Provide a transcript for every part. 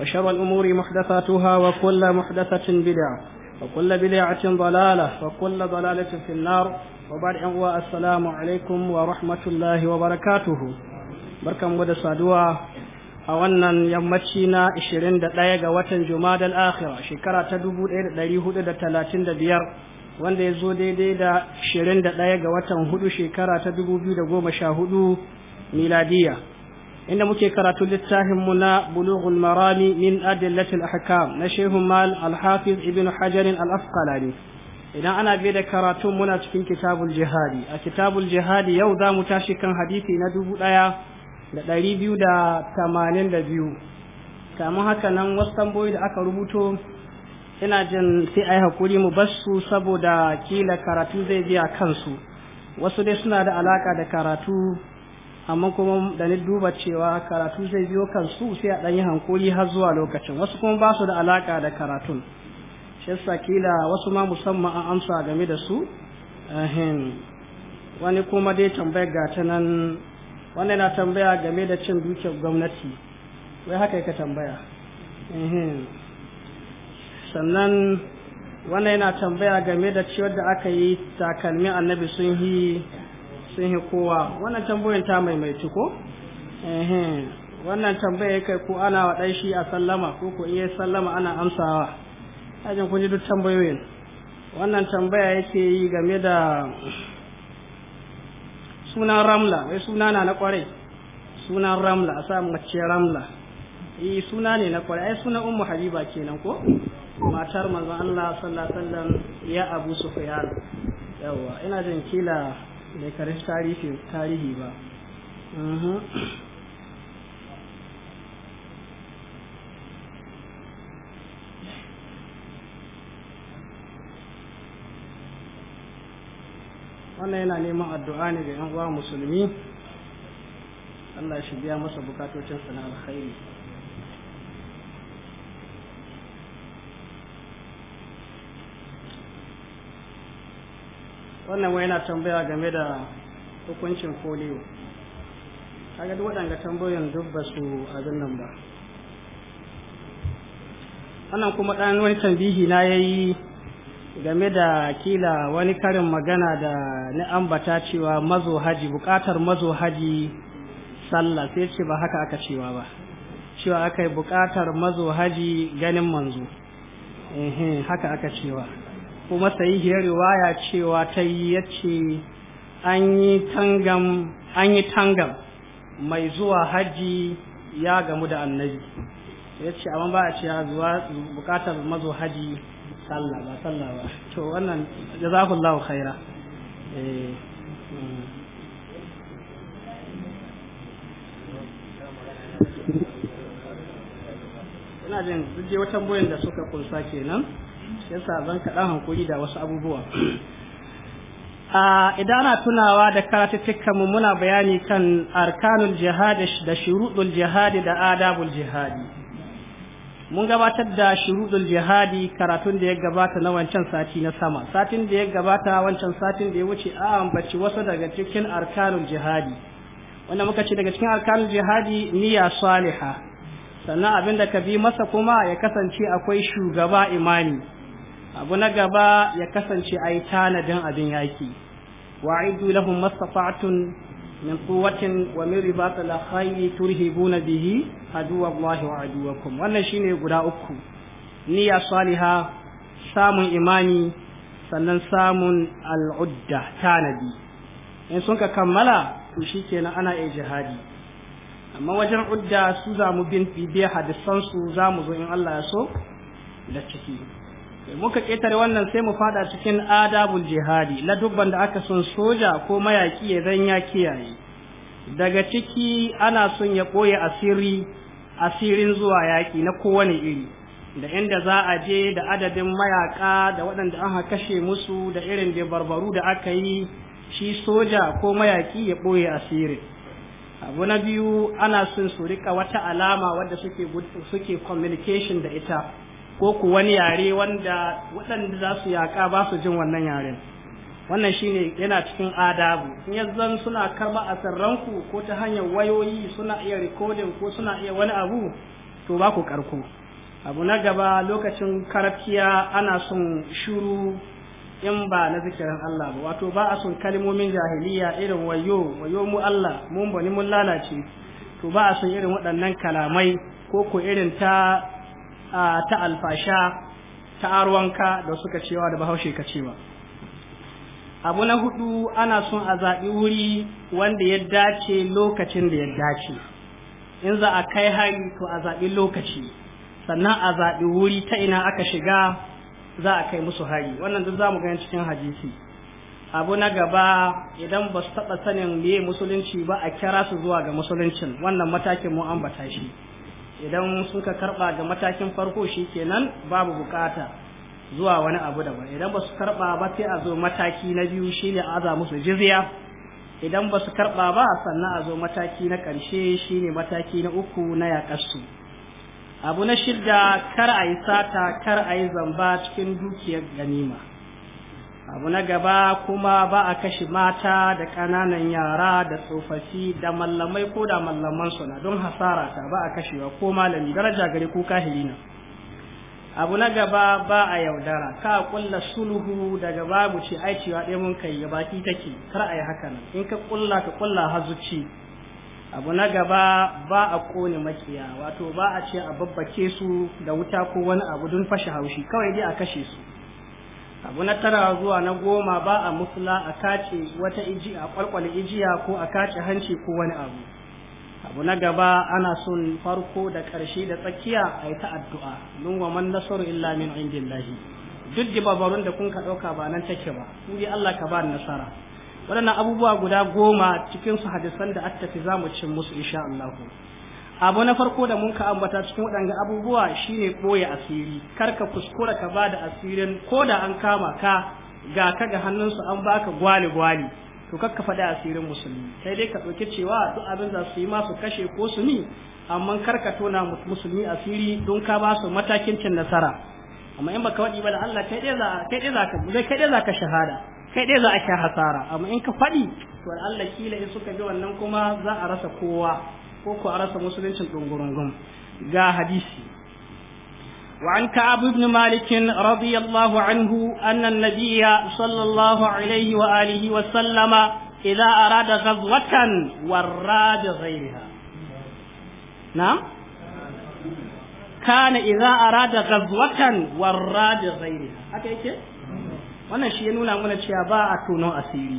وشر الأمور محدثاتها وكل محدثة بدعة وكل بدعة ضلالة وكل ضلالة في النار وبعد السلام عليكم ورحمة الله وبركاته بركم ودى صدوة a wannan yammaci na 21 ga watan Jumadal Akhira shekara ta 1435 wanda ya zo daidai da 21 ga watan hudu shekara ta 2014 miladiya inda muke karatu littafin mu na bulughul marami min adillatil ahkam na shehu mal al-hafiz ibn hajar al-asqalani idan ana biye da karatu muna cikin kitabul jihadi a kitabul jihadi yau za mu tashi kan hadisi na dubu ɗaya da ɗari biyu da tamanin da biyu kamun haka nan wasu tamboyi da aka rubuto ina jin sai a yi hakuri mu basu saboda kila karatu zai biya kansu wasu dai suna da alaƙa da karatu amma kuma da ni duba cewa karatu zai biyo kansu sai a ɗan yi har zuwa lokacin wasu kuma ba su da alaƙa da karatun shi yasa kila wasu ma musamman an amsa game da su wani kuma dai tambayar ga ta nan wani na tambaya game da cin dukiyar gwamnati wai haka ka tambaya sannan wani na tambaya game da ciwon da aka yi takalmi annabi sun yi sun yi kowa wannan tambayan ta maimaitu ko wannan tambaya kai ko ana wa ɗan shi a sallama ko ko iya sallama ana amsawa ajin kun ji duk tambayoyin wannan tambaya yake yi game da sunan ramla wai suna na na kwarai sunan ramla a samu mace ramla eh suna ne na kwarai ai sunan ummu habiba kenan ko matar manzon Allah sallallahu alaihi wasallam ya abu sufyan yawa ina jin kila bai kare tarihi tarihi ba wannan yana neman addu'a ne ga 'yan uwa musulmi Allah shi biya masa bukatocin na alkhairi wannan wai yana tambaya game da hukuncin foliyo kaga duk waɗanda tambayoyin duk ba su abin nan ba wannan kuma ɗan wani tambihi na ya yi game da kila wani karin magana da na ambata cewa mazo haji buƙatar mazo haji sallah sai ce ba haka aka cewa ba cewa aka yi buƙatar mazo haji ganin manzo haka aka cewa kuma sahihiyar riwaya cewa ta yi wa ta yi ce an yi tangam mai zuwa haji ya gamu da annabi ya ce amma ba a ce ya zuwa bukatar mazo haji sallah ba sallah ba to wannan lau khaira eh, mm. ina jin duk wata boyin da suka kunsa kenan yasa zan kaɗan hankuri da wasu abubuwa idan ana tunawa da karatuttukan mu muna bayani kan arkanul jihad da shurudul jihad da adabul jihadi mun gabatar da shurudul jihadi karatun da ya gabata na wancan sati na sama satin da ya gabata wancan satin da ya wuce a ambaci wasu daga cikin arkanul jihadi wanda muka ce daga cikin arkanul jihadi niyya salihah sannan abin da ka bi masa kuma ya kasance akwai shugaba imani abu na gaba ya kasance a yi tanadin abin yaki wa'idu lahum mastafatun min quwwatin wa min ribatil khayli turhibuna bihi aduwa Allahi wa aduwakum wannan shine guda uku niyya saliha samun imani sannan samun al'udda tanadi in sun ka kammala to shikenan ana iya jihadi amma wajen udda su zamu mu bin bibiya hadisansu za zo in Allah ya so da ciki muka ƙetare wannan sai mu fada cikin adabul jihadi na dubban da aka son soja ko mayaƙi ya zan ya kiyaye daga ciki ana son ya ɓoye asiri asirin zuwa yaƙi na kowane iri da inda za a je da adadin mayaƙa da waɗanda an kashe musu da irin da barbaru da aka yi shi soja ko mayaƙi ya ɓoye asirin abu na biyu ana son su riƙa wata alama wadda suke communication da ita ko ku wani yare wanda waɗanda za su yaƙa ba su jin wannan yaren wannan shine yana cikin adabu in yanzan suna karba a sarranku ko ta hanyar wayoyi suna iya rikodin ko suna iya wani abu to ba ku karko abu na gaba lokacin karfiya ana son shuru in ba na zikirin Allah ba wato ba a son kalmomin jahiliya irin wayo wayo mu Allah mun bani mun lalace to ba a son irin waɗannan kalamai ko ko irin ta ta alfasha ta arwanka da suka cewa da bahaushe ka cewa abu na hudu ana son a zaɓi wuri wanda ya dace lokacin da ya dace in za a kai hari to a zaɓi lokaci sannan a zaɓi wuri ta ina aka shiga za a kai musu hari wannan duk za mu gani cikin hadisi abu na gaba idan ba su taɓa sanin me musulunci ba a kira su zuwa ga musuluncin wannan matakin mu ambata shi idan suka karba ga matakin farko shikenan babu bukata zuwa wani abu daban idan ba su karba ba sai a zo mataki na biyu shine a aza musu jizya idan ba su karba ba sannan a zo mataki na karshe shine mataki na uku na yaƙarsu. abu na shidda kar a yi sata kar a yi zamba cikin dukiyar ganima abu na gaba kuma ba a kashe mata da ƙananan yara da tsofaffi da mallamai ko da mallaman suna don hasara ta ba a kashewa ko malami daraja gari ko kahiri abu na gaba ba a yaudara ka kulla sulhu daga babu ce ai cewa ɗaya mun kai ya baki take kar a yi haka nan in ka kulla ka kulla hazuci abu na gaba ba a kone makiya wato ba a ce a babbake su da wuta ko wani abu don fashe haushi kawai dai a kashe su abu na tara zuwa na goma ba a musula a kace wata iji a kwalkwale ijiya ko a kace hanci ko wani abu abu na gaba ana son farko da karshe da tsakiya a yi ta addu'a don wa man nasaru illa min indillahi duk dibabarun da kun ka ɗauka ba nan take ba ku dai Allah ka ba nasara Wadannan abubuwa guda goma cikin su hadisan da attafi za mu cin musu insha Allah abu na farko da mun ka ambata cikin waɗanga abubuwa shine ɓoye asiri karka kuskura ka ba da asirin ko da an kama ka ga ka ga hannunsu an baka gwali gwali to kakka faɗi asirin musulmi sai dai ka ɗauki cewa duk abin za su yi ma su kashe ko su ni amma karka tona musulmi asiri don ka ba su matakin cin nasara amma in baka waɗi ba da Allah kai ɗaya za kai ka kai ɗaya za ka shahada kai ɗaya za a sha hasara amma in ka faɗi to Allah kila in suka bi wannan kuma za a rasa kowa ko ku arasa musuluncin dungurungun ga hadisi وعن كعب بن مالك رضي الله عنه أن النبي صلى الله عليه وآله وسلم إذا أراد غزوة ورى بغيرها نعم كان إذا أراد غزوة ورى بغيرها هكذا wannan shi ya nuna mana cewa ba a tono asiri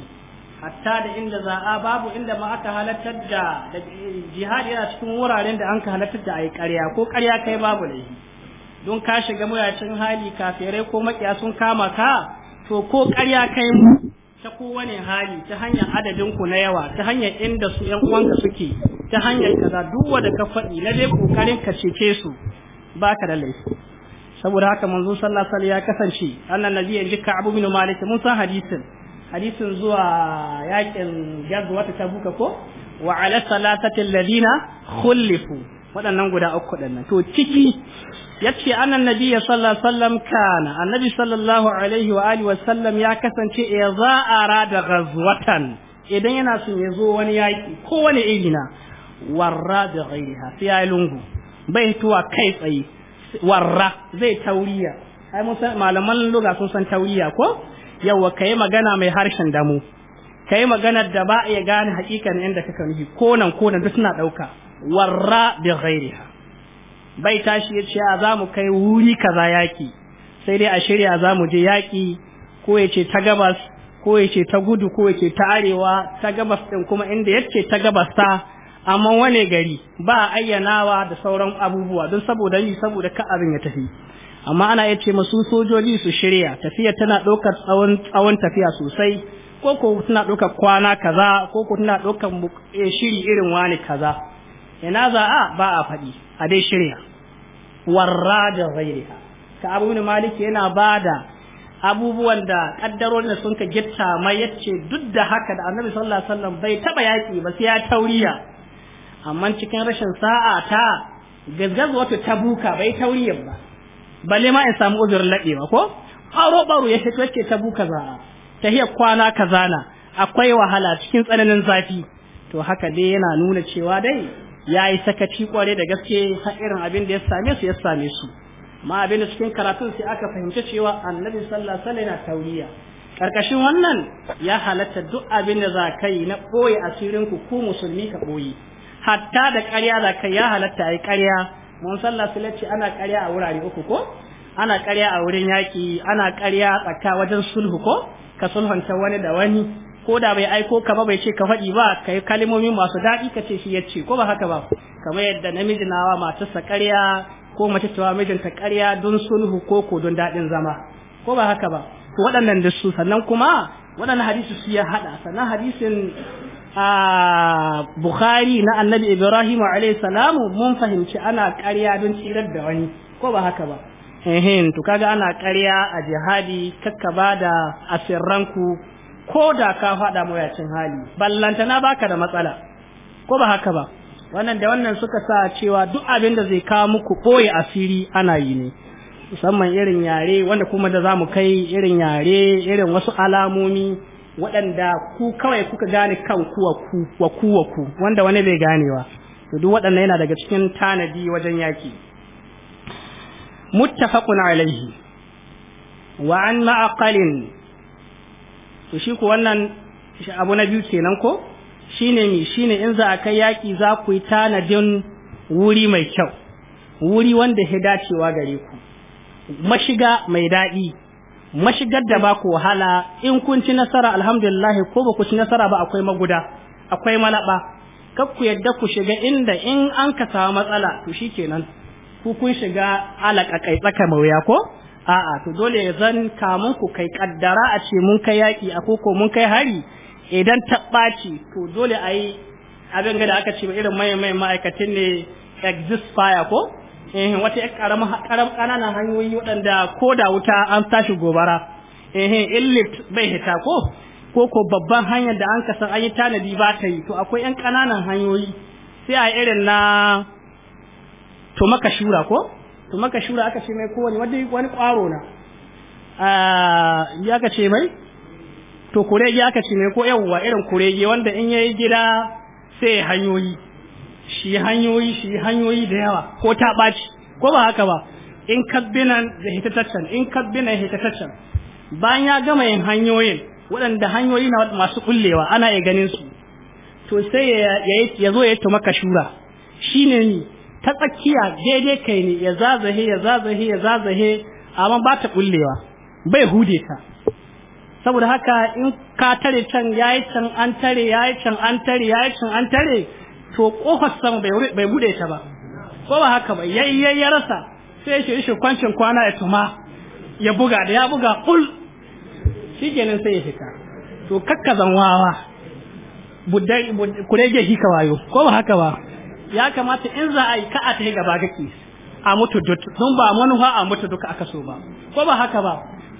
hatta da inda za'a babu inda ma aka halartar da jihadi yana cikin wuraren da an ka halartar da ayi ƙarya ko ƙarya kai babu laifi don ka shiga muyacin hali kafirai ko makiya sun kama ka to ko ƙarya kai mu ta kowane hali ta hanyar adadin ku na yawa ta hanyar inda su ƴan uwanka suke ta hanyar kaza duk wanda ka faɗi na dai kokarin ka cece su baka da laifi saboda haka manzo sallallahu alaihi wasallam ya kasance annan ya ji ka abu bin malik mun san hadisin hadisin zuwa yakin gazuwa ta tabuka ko wa ala salatatil ladina khulifu waɗannan guda uku nan. to ciki yace annan nabiyyi sallallahu alaihi wasallam kana annabi sallallahu alaihi wa alihi wasallam ya kasance ya za arada ghazwatan idan yana son ya zo wani yaki ko wani irina warra da ghairiha sai ya lungu bai tuwa kai tsaye warra zai tauriya ai mun san malaman luga sun san tauriya ko yawa ka yi magana mai harshen damu ka yi maganar da ba iya gane hakikan inda kaka yi konan konan duk suna ɗauka warra bi ghairiha bai tashi ya ce a za mu kai wuri kaza yaƙi sai dai a shirya za mu je yaƙi ko ya ce ta gabas ko ya ce ta gudu ko ya ce ta arewa ta gabas ɗin kuma inda ya ce ta gabas ta amma wane gari ba ayyanawa da sauran abubuwa don saboda ni saboda ka abin ya tafi amma ana iya ce masu sojoji su shirya tafiya tana ɗaukar tsawon tafiya sosai ko ko tana ɗaukar kwana kaza ko ko tana ɗaukar eh, shiri irin wani kaza ina za a ba a faɗi a dai shirya warra da ghairiha ka abu ne maliki yana bada abubuwan da kaddarorin da sun ka gitta mai yace duk da haka da annabi sallallahu alaihi wasallam bai taba yaki ba sai ya tauriya amma cikin rashin sa'a ta gaggaz ta tabuka bai tauriyar ba balle ma in samu uzurin laɗewa ko aro baro ya fito yake ta kaza ta hiya kwana kaza na akwai wahala cikin tsananin zafi to haka dai yana nuna cewa dai ya yi sakaci kware da gaske har irin abin da ya same su ya same su amma abin da cikin karatun sai aka fahimci cewa annabi sallallahu alaihi wasallam yana tauriya karkashin wannan ya halatta duk abin da za ka na ɓoye asirin ku ku musulmi ka ɓoye hatta da ƙarya za ka ya halatta yi ƙarya mun sallah ce ana karya a wurare uku ko ana karya a wurin yaki ana karya tsaka wajen sulhu ko ka sulhanta wani da wani ko da bai aiko ka ba bai ce ka faɗi ba ka yi kalmomi masu daɗi ka ce shi ya ce ko ba haka ba kamar yadda namiji nawa matarsa ƙarya ko mace mijin mijinta ƙarya don sulhu ko ko don daɗin zama ko ba haka ba waɗannan da su sannan kuma waɗannan hadisi su ya haɗa sannan hadisin a Bukhari na Annabi Ibrahim alayhi salamu mun fahimci ana ƙarya don tsirar da wani ko ba haka ba ehin to kaga ana ƙarya a jihadi ba da asirranku ko da ka faɗa mawuyacin hali ballantana baka da matsala ko ba haka ba wannan da wannan suka sa cewa duk abin da zai kawo muku ɓoye asiri ana yi ne musamman irin yare wanda kuma da zamu kai irin yare irin wasu alamomi waɗanda ku kawai kuka gane kan ku wa ku wanda wani bai ganewa to duk waɗanda yana daga cikin tanadi wajen yaki muttafaqun alaihi wa an ma'aqalin to shi ku wannan shi abu na biyu kenan ko shine mi shine in za a kai yaki za ku yi tanadin wuri mai kyau wuri wanda ya dacewa gare ku mashiga mai daɗi mashigar da ba ku wahala in kun ci nasara alhamdulillah ko ba ku ci nasara ba akwai maguda akwai malaba kar ku yadda ku shiga inda in an ka samu matsala to shikenan ku kun shiga alaka kai tsaka mawuya ko a'a to dole ya zan kamun ku kai kaddara a ce mun kai yaki a koko mun kai hari idan ta ɓaci to dole a yi abin da aka ce irin mai mai ma'aikatan ne exist fire ko ehe wata ƴar karama karam hanyoyi waɗanda ko da wuta an tashi gobara eh illit bai hita ko ko ko babban hanyar da an kasan an yi tanadi ba ta yi to akwai ƴan kananan hanyoyi sai a irin na to maka shura ko to maka shura aka ce mai kowane wani wani kwaro na ah, ya ka ce mai to kurege aka ce mai ko yawwa irin kurege wanda in yayi gida sai hanyoyi shi hanyoyi shi hanyoyi da yawa ko ta ɓaci ko ba haka ba in kabbinan da hitataccen in kabbinan hitataccen bayan ya gama yin hanyoyin waɗanda hanyoyi na masu kullewa ana iya ganin su to sai ya zo ya tumaka shura shine ni ta tsakiya daidai kai ne ya zazahe ya zazahe ya zazahe amma ba ta kullewa bai hude ta saboda haka in ka tare can yayi can an tare yayi can an tare yayi can an tare to kofar sama bai bude ta ba ko ba haka ba yayi ya rasa sai shi shi kwancin kwana ya tuma ya buga da ya buga kul shikenan sai ya fita to zan wawa budda kurege shi ka wayo ko ba haka ba ya kamata in za a yi ka a ta gaba kake a mutu duk don ba manuha a mutu duka aka so ba ko ba haka ba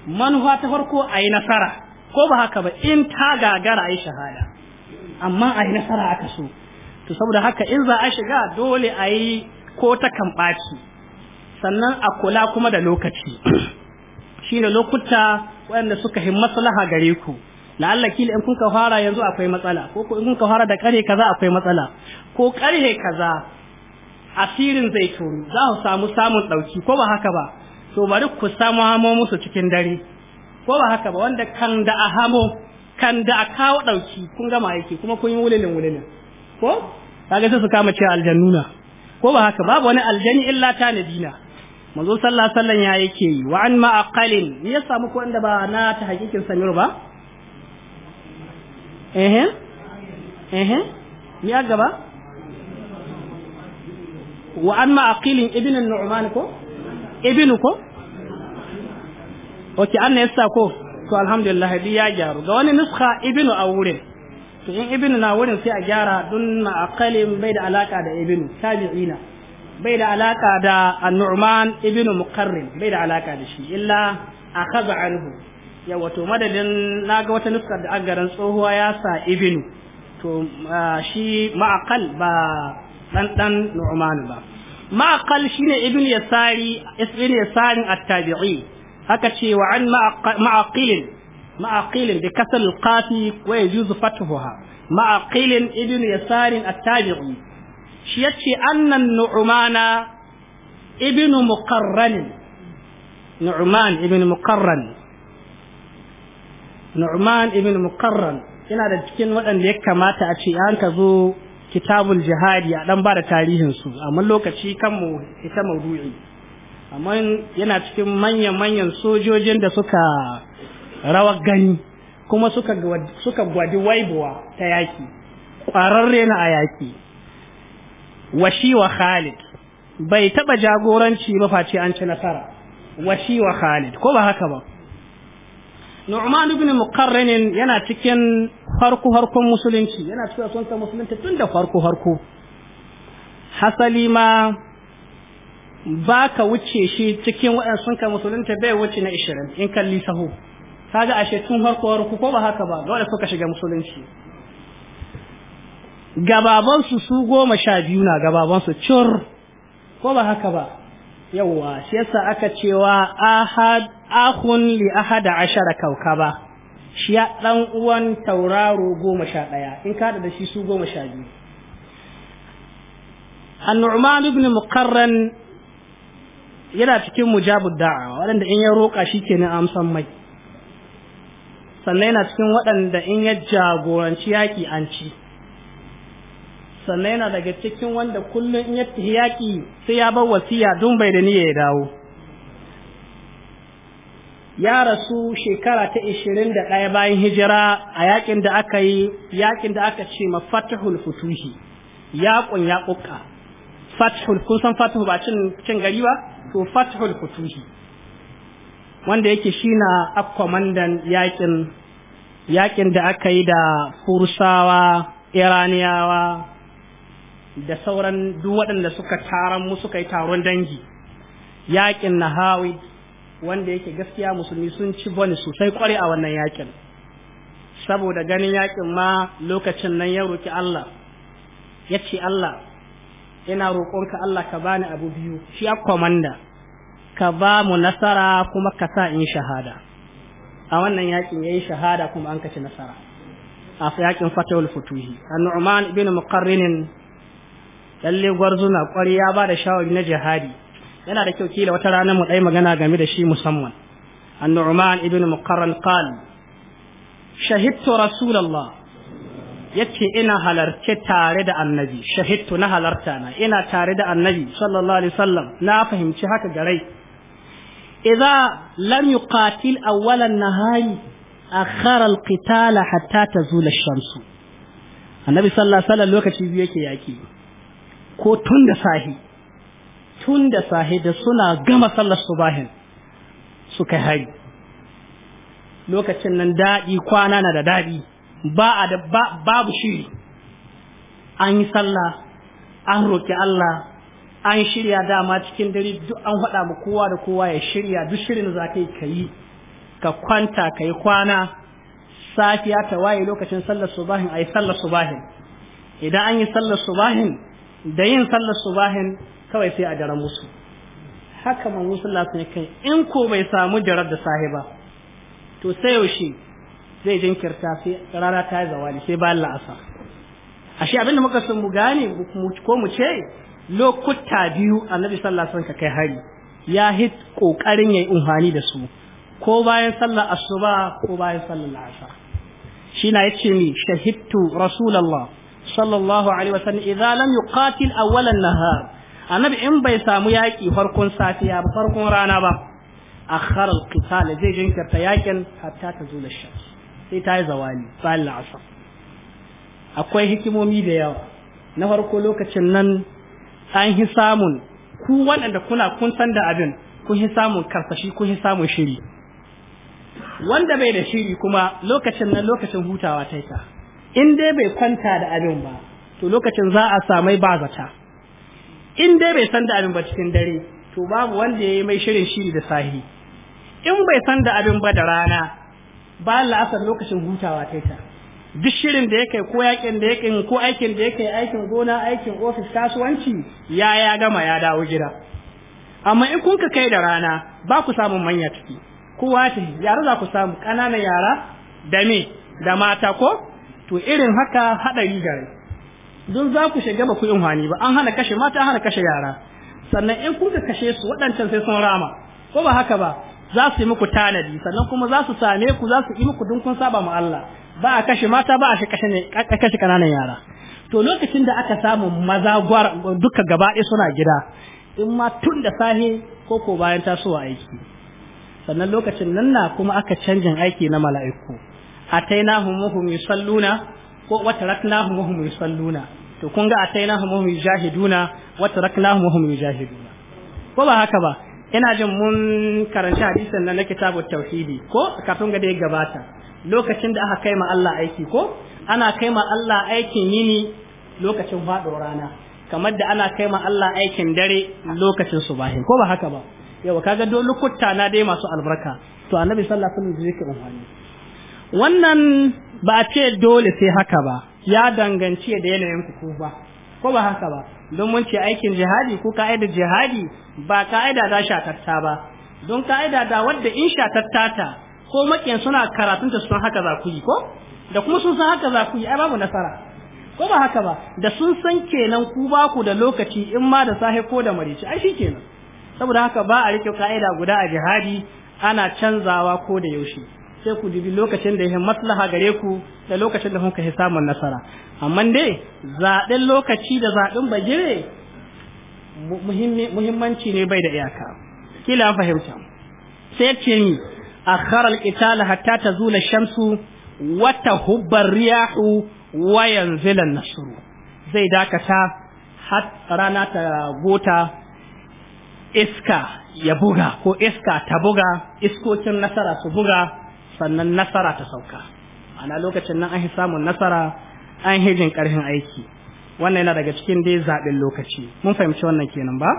manuha ta farko a yi nasara ko ba haka ba in ta gagara a yi shahada amma a yi nasara aka so to saboda haka in za a shiga dole a yi ko ta kan sannan a kula kuma da lokaci shi ne lokuta waɗanda suka hin maslaha gare ku la'alla kila in kun ka fara yanzu akwai matsala ko in kun ka fara da ƙarhe kaza akwai matsala ko ƙarhe kaza asirin zai turu za ku samu samun ɗauki ko ba haka ba to bari ku samu hamo musu cikin dare ko ba haka ba wanda kan da a kan da a kawo ɗauki kun gama aiki kuma kun yi wulilin wulilin ko kaga sai su kama cewa aljannuna ko ba haka babu wani aljani illa nadina manzo sallallahu alaihi wasallam ya yake yi wa an ma aqalin ya samu ko wanda ba na ta hakikin samir ba eh eh ya gaba wa an ma aqilin ibn numan ko ibn ko oke an ne yasa ko to alhamdulillah bi ya jaru. ga wani nuskha ibn a wurin to in ibnu na wurin sai a gyara dun aqalin bai da alaka da ibnu tabi'ina bai da alaka da an-nu'man ibnu muqarrin bai da alaka da shi illa akhadha anhu ya wato madadin naga wata nuskar da agaran tsohuwa ya sa ibnu to shi ma'aqal ba dan dan nu'man ba ma'aqal shine ibnu yasari ibnu yasarin at-tabi'i haka ce wa an ma'aqil مع wa بكسر القاف ويجوز فتحها مع قيل ابن يسار التابعي شيتشي أن النعمان ابن مقرن نعمان ابن مقرن نعمان ابن مقرن ina da cikin waɗanda ya kamata a ce an ka zo kitabul jihadi a ɗan ba da tarihinsu amma lokaci kan mu ita maudu'i amma yana cikin manyan-manyan sojojin da suka rawar gani kuma suka gwadi waibuwa ta yaki ƙwararre na a yaki washi wa Khalid bai taɓa jagoranci ba face an ci nasara washi wa Khalid ko ba haka ba Nu'man ibn Muqarrin yana cikin farko farkon musulunci yana cikin sun ta musulunta tun da farko farko hasali ma ba ka wuce shi cikin waɗansu ka musulunta bai wuce na 20 in kalli sahu kaga ashe tun farko ku ko ba haka ba dole suka shiga musulunci gababan su su goma sha biyu na gababan su cur ko ba haka ba yawa shi yasa aka cewa ahad akhun li ahada ashara kaukaba shi ya dan uwan tauraro goma sha ɗaya in ka da shi su goma sha biyu النعمان Ibn muqarran yana cikin mujabud da'a waɗanda in ya roka shi ke amsan mai sannan yana cikin waɗanda in ya jagoranci yaƙi an ci sannan yana daga cikin wanda kullum in ya tafi yaƙi sai ya bar wasiya don bai da niyya ya dawo ya rasu shekara ta ishirin da ɗaya bayan hijira a yaƙin da aka yi yaƙin da aka ce ma fatihul futuhi yaƙun yaƙuƙa fatihul kun san fatihul ba cin gari ba to fatihul futuhi wanda yake shina akwamandan yakin yakin da aka yi da fursawa iraniyawa da sauran duk waɗanda suka taron mu suka yi taron dangi yakin na hawi wanda yake gaskiya musulmi sun ci bani sosai kware a wannan yakin saboda ganin yakin ma lokacin nan ya roki Allah ya ce Allah ina roƙonka Allah ka bani abu biyu shi akwamanda. ka ba mu nasara kuma ka sa in shahada a wannan yakin yayi shahada kuma an kace nasara a yakin fatawul futuhi an-nu'man ibn muqarrin lalle gwarzuna kwari ya ba da shawari na jihadi yana da kyau kila wata rana mu dai magana game da shi musamman an-nu'man ibn muqarrin qal shahidtu rasulullah yace ina halarce tare da annabi shahidtu na halarta na ina tare da annabi sallallahu alaihi wasallam na fahimci haka garai idza lam yuqatil awwalan nahari akhara alqitala hatta tazula ash-shamsu annabi sallallahu alaihi wasallam lokaci biyu yake yaki ko tun da sahi da suna gama sallar su subahin suka hari lokacin nan daɗi kwana na da daɗi ba a da babu shiri an yi sallah an roƙi Allah an shirya dama cikin dare duk an faɗa ma kowa da kowa ya shirya duk shirin za ka yi ka yi ka kwanta ka yi kwana safiya ta waye lokacin sallar subahin a yi sallar subahin idan an yi sallar subahin da yin sallar subahin kawai sai a daren musu haka man musu lasu kai in ko bai samu jarar da ba to sai yaushe zai jinkirta sai rana ta yi zawali sai bayan la'asa ashe abinda muka sun mu gane ko mu ce lokuta biyu annabi sallallahu alaihi wasallam ka kai hari ya hit kokarin yayi umhani da su ko bayan sallar asuba ko bayan sallar asha shi na yace ni shahidtu rasulullah sallallahu alaihi wasallam idza lam yuqatil awwal an-nahar annabi in bai samu yaki farkon safiya ba farkon rana ba akhar al-qital zai jinkirta yakin hatta ta zo shams sai ta yi zawali bayan asha akwai hikimomi da yawa na farko lokacin nan an yi samun ku waɗanda kuna kun san da abin kun yi samun karsashi kun yi samun shiri wanda bai da shiri kuma lokacin nan lokacin hutawa ta ita, in dai bai kwanta da abin ba to lokacin za a samai ba zata in dai bai san da abin ba cikin dare to babu wanda ya yi mai shirin shiri da sahi in bai san da abin ba da rana ba la'asar lokacin hutawa ta ita. duk shirin da yake ko yakin da yake ko aikin da yake aikin gona aikin ofis kasuwanci ya ya gama ya dawo gida amma in kun ka kai da rana ba ku samun manya ciki kowa wace yara za ku samu ƙananan yara da me da mata ko to irin haka haɗari gare don za ku shiga ba ku yin hani ba an hana kashe mata an hana kashe yara sannan in kun ka kashe su waɗancan sai sun rama ko ba haka ba za su yi muku tanadi sannan kuma za su same ku za su yi muku dun kun saba ma Allah ba a kashe mata ba a kashe kananan yara to lokacin da aka samu maza gwar duka gaba ɗaya suna gida in ma tun da sahe ko ko bayan tasowa aiki sannan lokacin nan na kuma aka canjin aiki na mala'iku a atainahum wahum salluna ko wata wataraknahum wahum salluna to kun ga a atainahum wahum yujahiduna wataraknahum wahum jahiduna ko ba haka ba ina jin mun karanci hadisin nan na kitabar tauhidi ko kafin ga da ya gabata lokacin da aka kai ma Allah aiki ko ana kai ma Allah aikin yini lokacin faɗo rana kamar da ana kai ma Allah aikin dare lokacin subahi ko ba haka ba yawa kaga dole lokuta na dai masu albarka to annabi sallallahu alaihi wasallam zai amfani wannan ba a ce dole sai haka ba ya danganci da yanayin ku ba ko ba haka ba don mun ce aikin jihadi ko ka'idar jihadi ba ka'ida da shatatta ba don ka'ida da wanda in shatatta ta ko makiyan suna karatun ta sun haka za ku yi ko da kuma sun san haka za ku yi ai babu nasara ko ba haka ba da sun san kenan ku ba ku da lokaci in ma da sahi ko da marici ai kenan saboda haka ba a rike ka'ida guda a jihadi ana canzawa ko da yaushe sai ku dubi lokacin da ya maslaha gare ku da lokacin da kuka samun nasara amma dai zaɗin lokaci da zaɗin bagire muhimmanci ne bai da iyaka kila fahimta sai ce ni akhara al-qital hatta tazula shamsu wata tahubba riyahu wa yanzila an-nasru zai dakata har rana ta gota iska ya buga ko iska ta buga iskokin nasara su buga sannan nasara ta sauka ana lokacin nan an yi samun nasara an hijin aiki wannan yana daga cikin dai zaɓin lokaci mun fahimci wannan kenan ba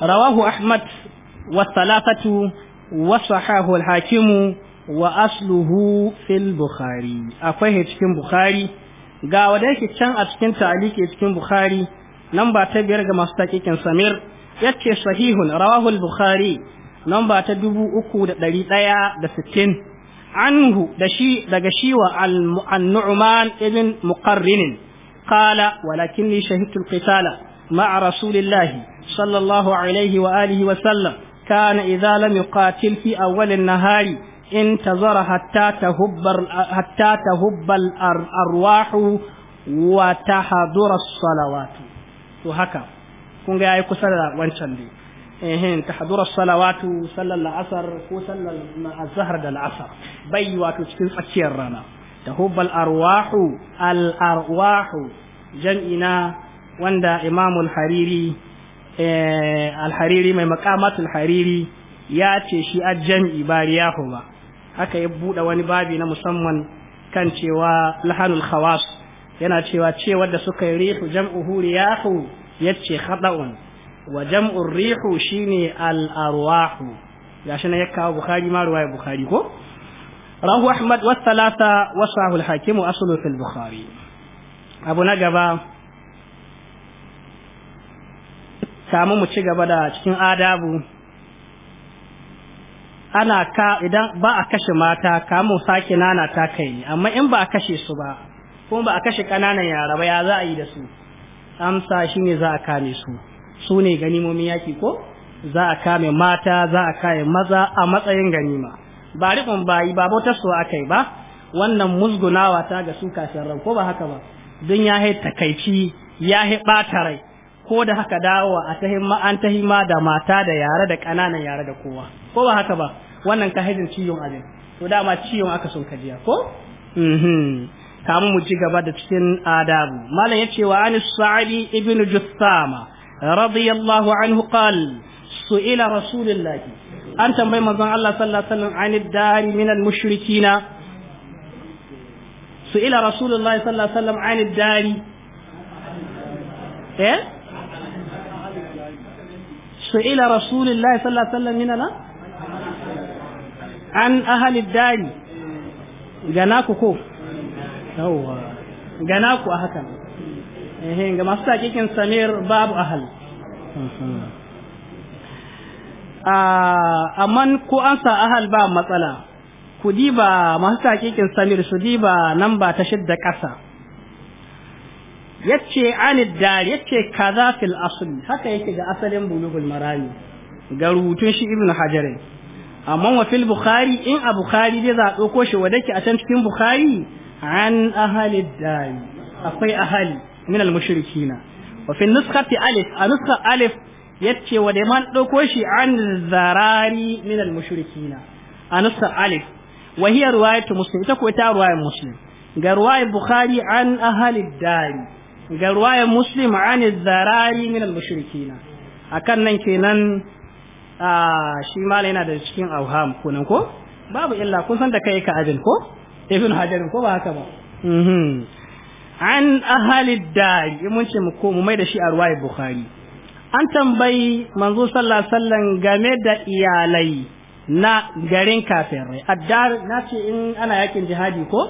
rawahu ahmad wa salafatu wa sahahu al-hakimu wa asluhu fil bukhari akwai cikin bukhari ga wanda yake can a cikin ta'aliki cikin bukhari lamba ta biyar ga masu takikin samir yake sahihun rawahu al-bukhari lamba ta dubu uku da ɗari ɗaya da sittin anhu da shi daga shi wa al-nu'man ibn muqarrin qala walakinni shahidtu al-qitala ma'a rasulillahi صلى الله عليه وآله وسلم كان إذا لم يقاتل في أول النهار انتظر حتى تهب حتى تهب الأرواح وتحضر الصلوات وهكا kun ga yayi kusa da wancan ne eh tahdura salawatu ko sallar da la'asar bai wato cikin tsakiyar rana tahubbal arwahu al wanda imamul hariri Eh, alhariri mai makamatul hariri ya ce shi a jam'i ba riyahu ba haka ya buɗe wani babi na musamman kan cewa lahanul khawas yana cewa ce da suka yi rihu jam'uhu riyahu yace khada'un wa jam'ur rihu shine al arwahu gashi na ya kawo bukhari ma ruwaya bukhari ko rahu ahmad wa thalatha wa sahul hakimu aslu fil bukhari abu na gaba kamu mu ci gaba da cikin adabu ana ka idan ba a kashe mata kamun sake nana ta kai amma in ba a kashe su ba kuma ba a kashe kananan yara ba ya za a yi da su amsa shi ne za a kame su su ne ganimomin yaki ko za a kame mata za a kame maza a matsayin ganima ba rikon bayi ba bautar su akai ba wannan musgunawa ta ga su kafin ran ko ba haka ba don ya takaici ya ɓata rai ko da haka dawowa a tahimma an tahimma da mata da yare da ƙananan yare da kowa ko ba haka ba wannan ka hajin ciyon abin to dama ciyon aka son kajiya ko mhm kamu mu ci gaba da cikin adabu malam yace wa anis sa'idi ibnu jussama radiyallahu anhu qal su'ila rasulullah an tambayi manzon Allah sallallahu alaihi wasallam anid dari min al mushrikina su'ila rasulullah sallallahu alaihi wasallam an dari eh سئل رسول الله صلى الله عليه وسلم من لا عن أهل الدار جناكو كو هو جناكو أهكم إيه جماعة تاكيكن سمير باب أهل amman ko an sa ahal ba matsala ku diba masu سمير سديبا su تشد nan yace an dar yace kaza fil asl haka yake ga asalin bulughul marami ga rubutun shi ibnu hajar amma wa fil bukhari in a bukhari dai za a dauko shi wadake a can cikin bukhari an ahli dar akwai ahli min al mushrikina wa fil nuskhati alif a nuskha alif yace wa da man dauko shi an zarari min al mushrikina a nuskha alif wa hiya riwayatu muslim ita ko ta riwayar muslim ga riwayar bukhari an ahli dar ga ruwayar muslim an zarari min al-mushrikina akan nan kenan a shi mala yana da cikin ko nan ko babu illa kun san da kai ka ajin ko ibn hajar ko ba haka ba mhm an ahli dar mun ce mu ko mu mai da shi a ruwayar bukhari an tambayi manzo sallallahu alaihi wasallam game da iyalai na garin kafirai addar na ce in ana yakin jihadi ko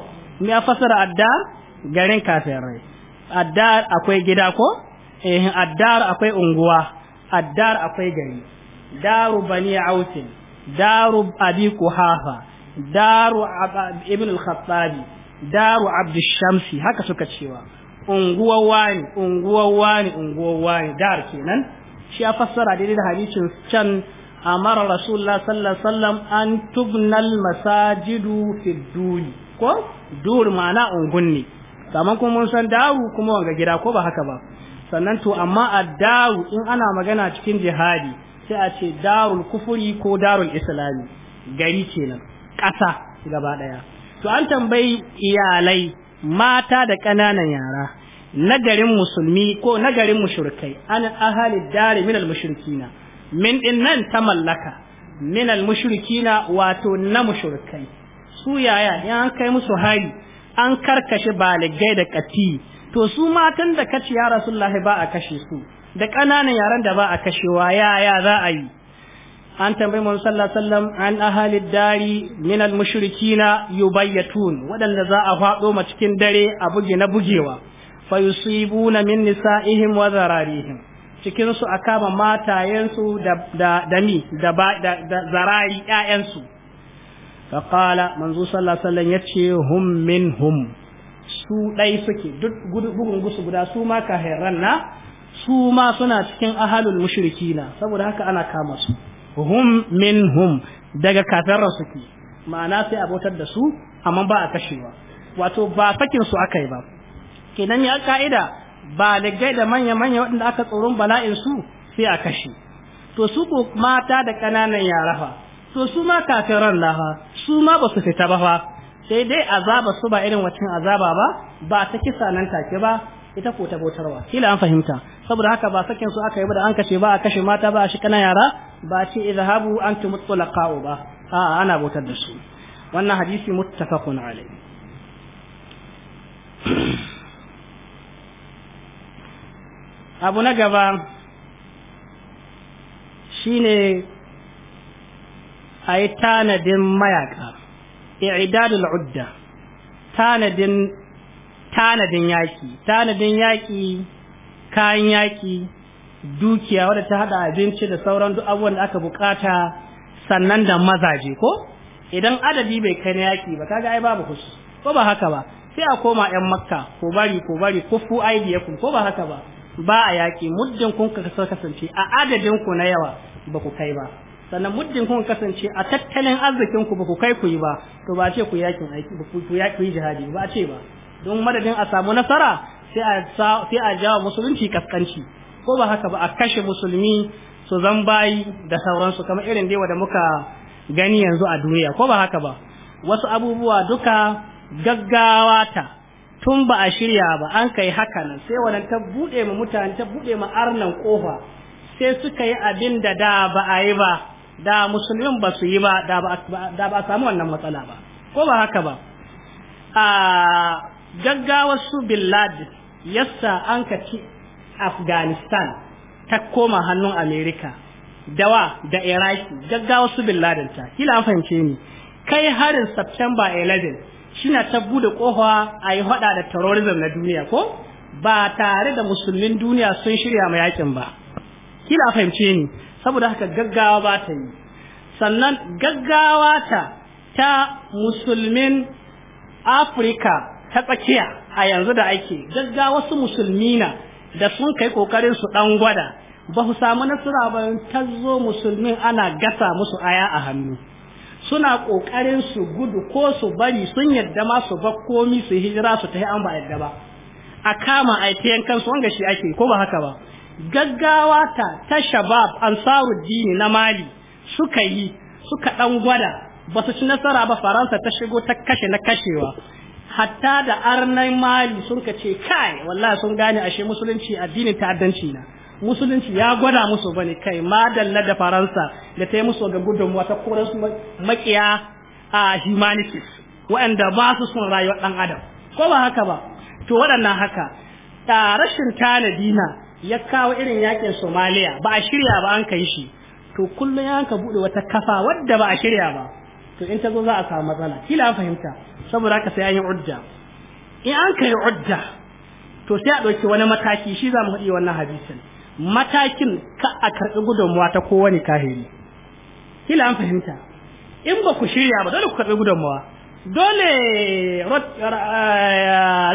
me ya fasara addar garin kafirai addar akwai gida ko eh addar akwai unguwa addar akwai gari daru bani ausin daru abi kuhafa daru ibn al-khattabi daru abd shamsi haka suka cewa Unguwa wani unguwa wani unguwa wani dar kenan shi ya fassara daidai da hadisin can amara rasulullah sallallahu alaihi wasallam an tubnal masajidu fi duni ko dur mana ungunni kamar kuma mun san dawu kuma wanga gida ko ba haka ba sannan to amma a Daru in ana magana cikin jihadi sai a ce darul kufuri ko darul islami gari kenan ƙasa gaba ɗaya to an tambayi iyalai mata da ƙananan yara na garin musulmi ko na garin mushrikai an ahali dari minal mushrikina min din nan ta mallaka minal mushrikina wato na mushrikai su yaya in an kai musu hari an karkashe baligai da kati to su matan da kace ya rasulullahi ba a kashe su da ƙananan yaran da ba a kashewa ya ya za a yi an tambayi mu sallallahu sallam an ahalid dari min al mushrikina yubayyatun wadanda za a fado ma cikin dare a buge na bugewa fa yusibuna min nisaihim wa zararihim cikin su akama matayen su da da da ni da zarari ƴaƴan faƙala صلى الله ya ce hum هم hum su ɗai suke duk bugun gusu guda su ma hairan na su ma suna cikin ahalul mushrikina saboda haka ana kama su hum min daga kafirra suke ma'ana sai abotar da su amma ba a kashewa wato ba fakin su aka yi ba kenan ya ka'ida ba ligai da manya-manya waɗanda aka tsoron bala'in su sai a kashe to su ko mata da ƙananan yara fa to su ma kafiran laha su ma ba su fita ba fa sai dai azaba su ba irin wacin azaba ba ba ta kisa nan take ba ita ko ta bautarwa kila an fahimta saboda haka ba sakin su aka yi ba da an kashe ba a kashe mata ba a shi kana yara ba ce izhabu antum mutlaqa'u ba a ana bautar da su wannan hadisi muttafaqun alayhi abu na gaba shine a yi tanadin mayaka i'dadul udda tanadin tanadin yaki tanadin yaƙi, kayan yaki dukiya wadda ta hada abinci da sauran duk abubuwan da aka bukata sannan da mazaje ko idan adadi bai kai na yaki ba kaga ai babu kusu ko ba haka ba sai a koma yan makka ko bari ko bari ko fu aidiyakum ko ba haka ba ba a yaki muddin kun ka kasance a adadin ku na yawa ba ku kai ba sannan muddin kun kasance a tattalin arzikin ku ba ku kai ku yi ba to ba ce ku yakin aiki ba ku ku yi jihadi ba ce ba don madadin a samu nasara sai a sai a jawo musulunci kaskanci ko ba haka ba a kashe musulmi su zan bayi da sauransu kamar irin dai da muka gani yanzu a duniya ko ba haka ba wasu abubuwa duka gaggawa ta tun ba a shirya ba an kai haka nan sai wannan ta bude mu mutane ta bude mu arnan kofa sai suka yi abin da da ba a yi ba da musulmin ba su yi ba da ba a samu wannan matsala ba ko ba haka ba a gaggawa su bin ladin yassa an ci afghanistan ta koma hannun amerika dawa da iraki gaggawa su bin ladin ta kila an fahimce ni kai harin september 11 shi na ta bude kofa a yi hada da terrorism na duniya ko ba tare da musulmin duniya sun shirya ma yakin ba kila fahimce ni saboda haka gaggawa ba ta yi sannan gaggawa ta ta musulmin afirka ta tsakiya a yanzu da ake gaggawa su musulmi na da sun kai kokarin su dan gwada ba su samu nasara ba ta zo musulmin ana gasa musu aya a hannu suna kokarin su gudu ko su bari sun yadda ma su ba komi su hijira su ta an ba yadda ba a kama a yankan su wanga shi ake ko ba haka ba gaggawa ta ta shabab ansaruddini na mali suka yi suka dan gwada ba su ci nasara ba faransa ta shigo ta kashe na kashewa hatta da arnai mali sun ka ce kai wallahi sun gane ashe musulunci addinin ta'addanci na musulunci ya gwada musu bane kai na da faransa da ta yi musu ga gudunmuwa ta koran su makiya a humanities waɗanda ba su son rayuwar ɗan adam ko ba haka ba to waɗannan haka rashin tanadi na ya kawo irin yakin Somalia ba a shirya ba an kai shi to kullum ya ka bude wata kafa wadda ba a shirya ba to in ta zo za a samu matsala kila an fahimta saboda haka sai an yi udda in an kai udda to sai a dauki wani mataki shi za mu hadi wannan hadisin matakin ka a karɓi gudunmuwa ta kowane kahiri kila an fahimta in ba ku shirya ba dole ku karɓi gudunmuwa dole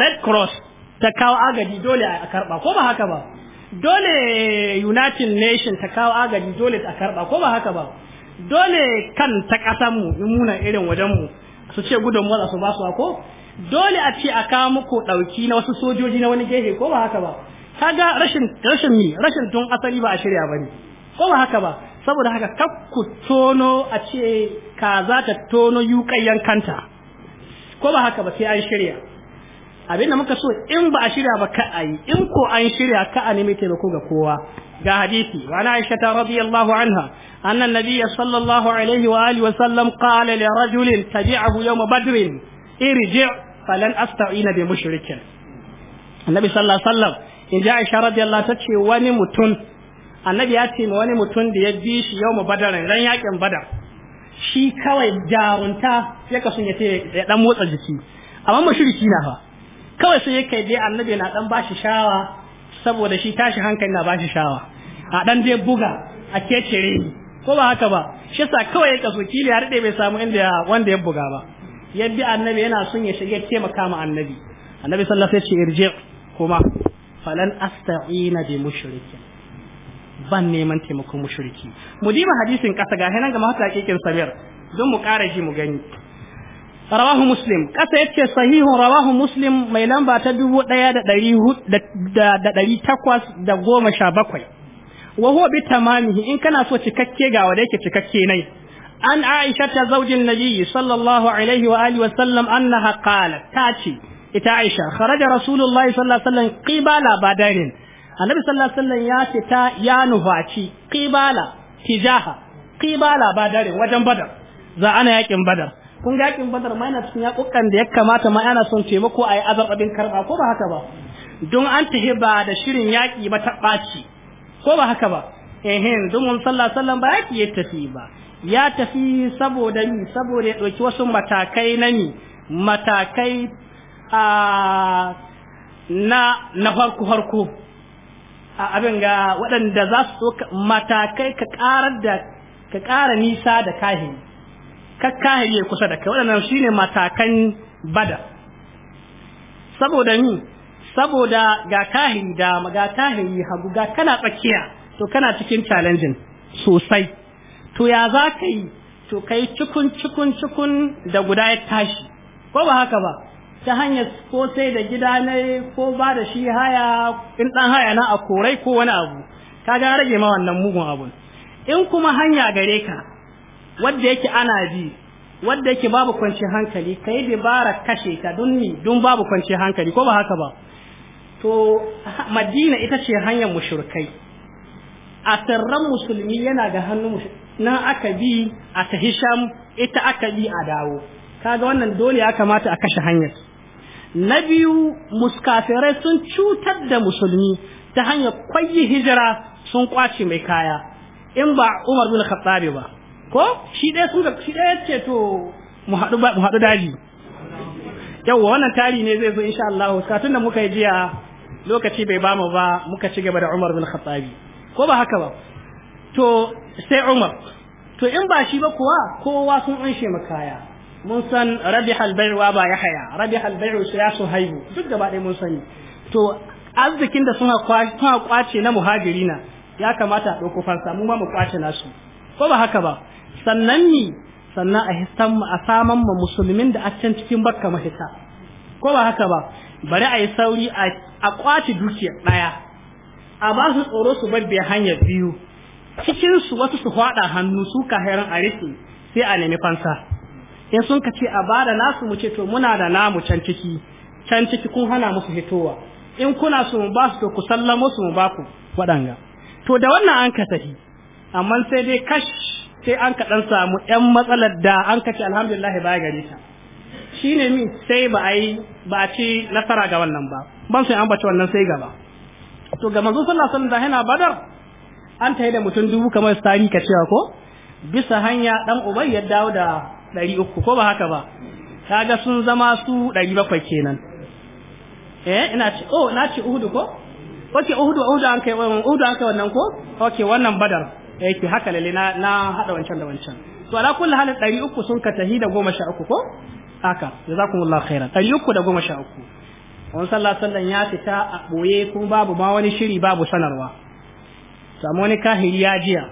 red cross ta kawo agadi dole a karɓa ko ba haka ba dole united nation ta kawo agaji dole ta karba ko ba haka ba dole kan ta kasan mu in muna irin wajen mu su ce gudun mu su ba su ko dole a ce a kawo muku dauki na wasu sojoji na wani gehe ko ba haka ba kaga rashin rashin mi rashin tun asali ba a shirya bane ko ba haka ba saboda haka kakku tono a ce ka za ta tono yuƙayyan kanta ko ba haka ba sai an shirya abin da muka so in ba a shirya ba ka ayi in ko an shirya ka a nemi taimako ga kowa ga hadisi wa na aisha ta radiyallahu anha anna nabiyya sallallahu alaihi wa alihi wa sallam qala li rajulin tabi'ahu yawm badr irji falan asta'ina bi mushrikin annabi sallallahu alaihi wasallam in ja aisha radiyallahu ta ce wani mutum annabi ya ce wani mutum da ya bi shi yawm badr ran yakin badar shi kawai jarunta ya kasu ya ce ya dan motsa jiki amma mushriki na fa kawai sai yake je annabi na dan bashi shawa saboda shi tashi hankali na bashi shawa a dan je buga a kecere ko ba haka ba shi sa kawai ya kaso kili har dai bai samu inda wanda ya buga ba yadda annabi yana son ya shige taimaka ma annabi annabi sallallahu alaihi wasallam ya ce irji kuma falan asta'ina bi mushrikin ban neman taimakon mushriki mu diba hadisin kasa ga nan ga mata kikin samir don mu kara shi mu gani rawahu muslim kasa yace sahihu rawahu muslim mai lamba ta dubu da da takwas goma sha 1817 wa huwa bi tamamihi in kana so cikakke ga wanda yake cikakke nai an aisha ta zaujin nabiyyi sallallahu alaihi wa alihi wa sallam annaha qalat ce ita aisha kharaja rasulullahi sallallahu alaihi wasallam qibala badarin annabi sallallahu alaihi wasallam ya fita ya nufaci qibala tijaha qibala badarin wajen badar za ana yakin badar kun ga yakin badar ma yana cikin yakukan da ya kamata ma ana son taimako a yi azabin karba ko ba haka ba don an tahi ba da shirin yaki ba ta ɓaci ko ba haka ba ehin don mun sallah sallan ba yaki ya tafi ba ya tafi saboda ni saboda ya ɗauki wasu matakai na ni matakai a na na farko farko a abin ga waɗanda za su matakai ka ƙarar da ka ƙara nisa da kahin kakkahiye kusa da kai waɗannan shine matakan bada saboda ni saboda ga kahiri dama ga kahiri hagu ga kana tsakiya to kana cikin challenging sosai to ya za ka yi to ka cikun cikun cikun da guda ya tashi ko ba haka ba ta hanyar ko sai da gida ne ko ba da shi haya in dan haya na a korai ko wani abu ka ga rage ma wannan mugun abun in kuma hanya gare ka wanda yake ana bi wanda yake babu kwanci hankali ka yi dabara kashe ta dunni dun babu kwanci hankali ko ba haka ba to madina ita ce hanyar mushrikai a sirran musulmi yana da hannu na aka bi a ta hisham ita aka bi a dawo kaga wannan dole ya kamata a kashe hanyar na biyu muskafirai sun cutar da musulmi ta hanyar kwayi hijira sun kwace mai kaya in ba umar bin khattabi ba ko shi ɗaya da shi ɗaya ce to mu haɗu mu haɗu daji yawwa wannan tari ne zai zo insha Allah katun da muka yi jiya lokaci bai bamu ba muka ci gaba da Umar bin Khattabi ko ba haka ba to sai Umar to in ba shi ba kuwa kowa sun anshe makaya mun san rabihal bai'u wa ba yahya rabihal bai'u ya haihu duk gaba ɗaya mun sani to arzikin da suna kwace na muhajirina ya kamata a ɗauko fansa mu ma mu kwace nasu ko ba haka ba sannan ni sannan a hisan a saman ma musulmin da a can cikin barka mahita ko ba haka ba bari a yi sauri a kwace dukiya ɗaya a ba su tsoro su bar babbe hanyar biyu cikin su wasu su fada hannu su hairan a rike sai a nemi fansa in sun ka ce a ba da nasu mu ce to muna da namu can ciki can ciki kun hana musu hitowa in kuna su mu ba su to ku sallamo su mu ba ku waɗanga to da wannan an ka amma sai dai kashi. sai an ka dan samu ƴan matsalar da an kace alhamdulillah ba gare ta shine mi sai ba ai ba a ci nasara ga wannan ba ban sai an bace wannan sai gaba to ga manzo sallallahu alaihi wasallam yana badar an tayi da mutum dubu kamar sani ka cewa ko bisa hanya dan ubay ya dawo da 300 ko ba haka ba kaga sun zama su 700 kenan eh ina ci oh na ci uhudu ko Oke Uhudu Uhudu an kai Uhudu an kai wannan ko? Oke wannan Badar. yake eh, haka lalle na na hada wancan da wancan to ala kulli halin 300 sun ka tahi da 13 ko haka jazakumullahu khairan 313 wani sallah sallan ya fita a boye kuma babu ma wani shiri babu sanarwa samu wani kahiri ya jiya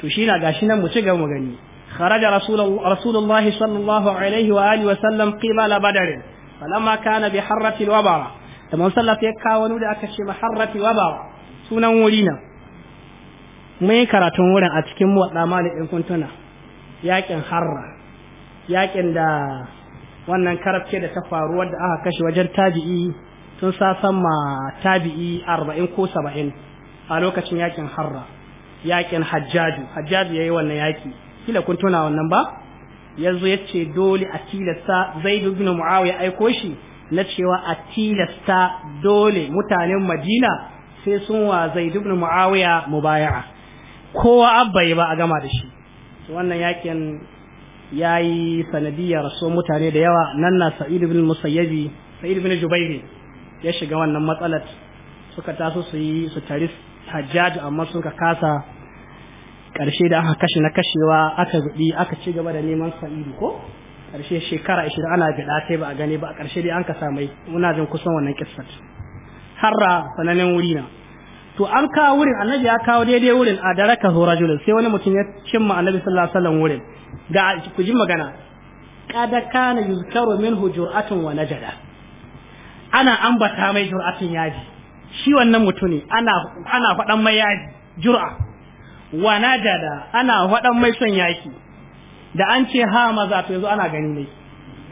to shi na gashi nan mu ci gaba mu gani خرج رسول الله صلى الله عليه وآله وسلم قبل بدر فلما كان بحرة الوبرة لما صلى في كاونو دا أكشي محرة الوبرة سنن ولينا mun yi karatun wurin a cikin muwadda malikin kuntuna yakin harra yakin da wannan karafce da ta faru wadda aka kashe wajen tabi'i sun sasan ma tabi'i arba'in ko saba'in a lokacin yakin harra yakin hajjaju hajjaju ya yi wannan yaki kila kun tuna wannan ba yanzu ya ce dole a tilasta zai bin muawiya aiko shi na cewa a tilasta dole mutanen madina sai sun wa zai bin muawiya mubaya'a kowa abba ba a gama da shi wannan yakin ya yi sanadiyar so mutane da yawa nan na sa'id bin musayyabi sa'id bin jubairi ya shiga wannan matsalar suka taso su yi su tari hajjaj amma suka kasa karshe da aka kashe na kashewa aka zubi aka ci gaba da neman sa'idu ko karshe shekara 20 ana gida sai ba a gane ba a karshe dai an ka samai muna jin kusan wannan kissa harra sanannen wuri na to an kawo wurin annabi ya kawo daidai wurin a daraka rajulun sai wani mutum ya cimma annabi sallallahu alaihi wasallam wurin ga ku ji magana kada kana yuzkaru minhu jur'atun wa najada ana ambata mai jur'atun yaji shi wannan mutune ana ana fadan mai yaji jur'a wa najada ana fadan mai son yaki da an ce ha maza to yanzu ana gani ne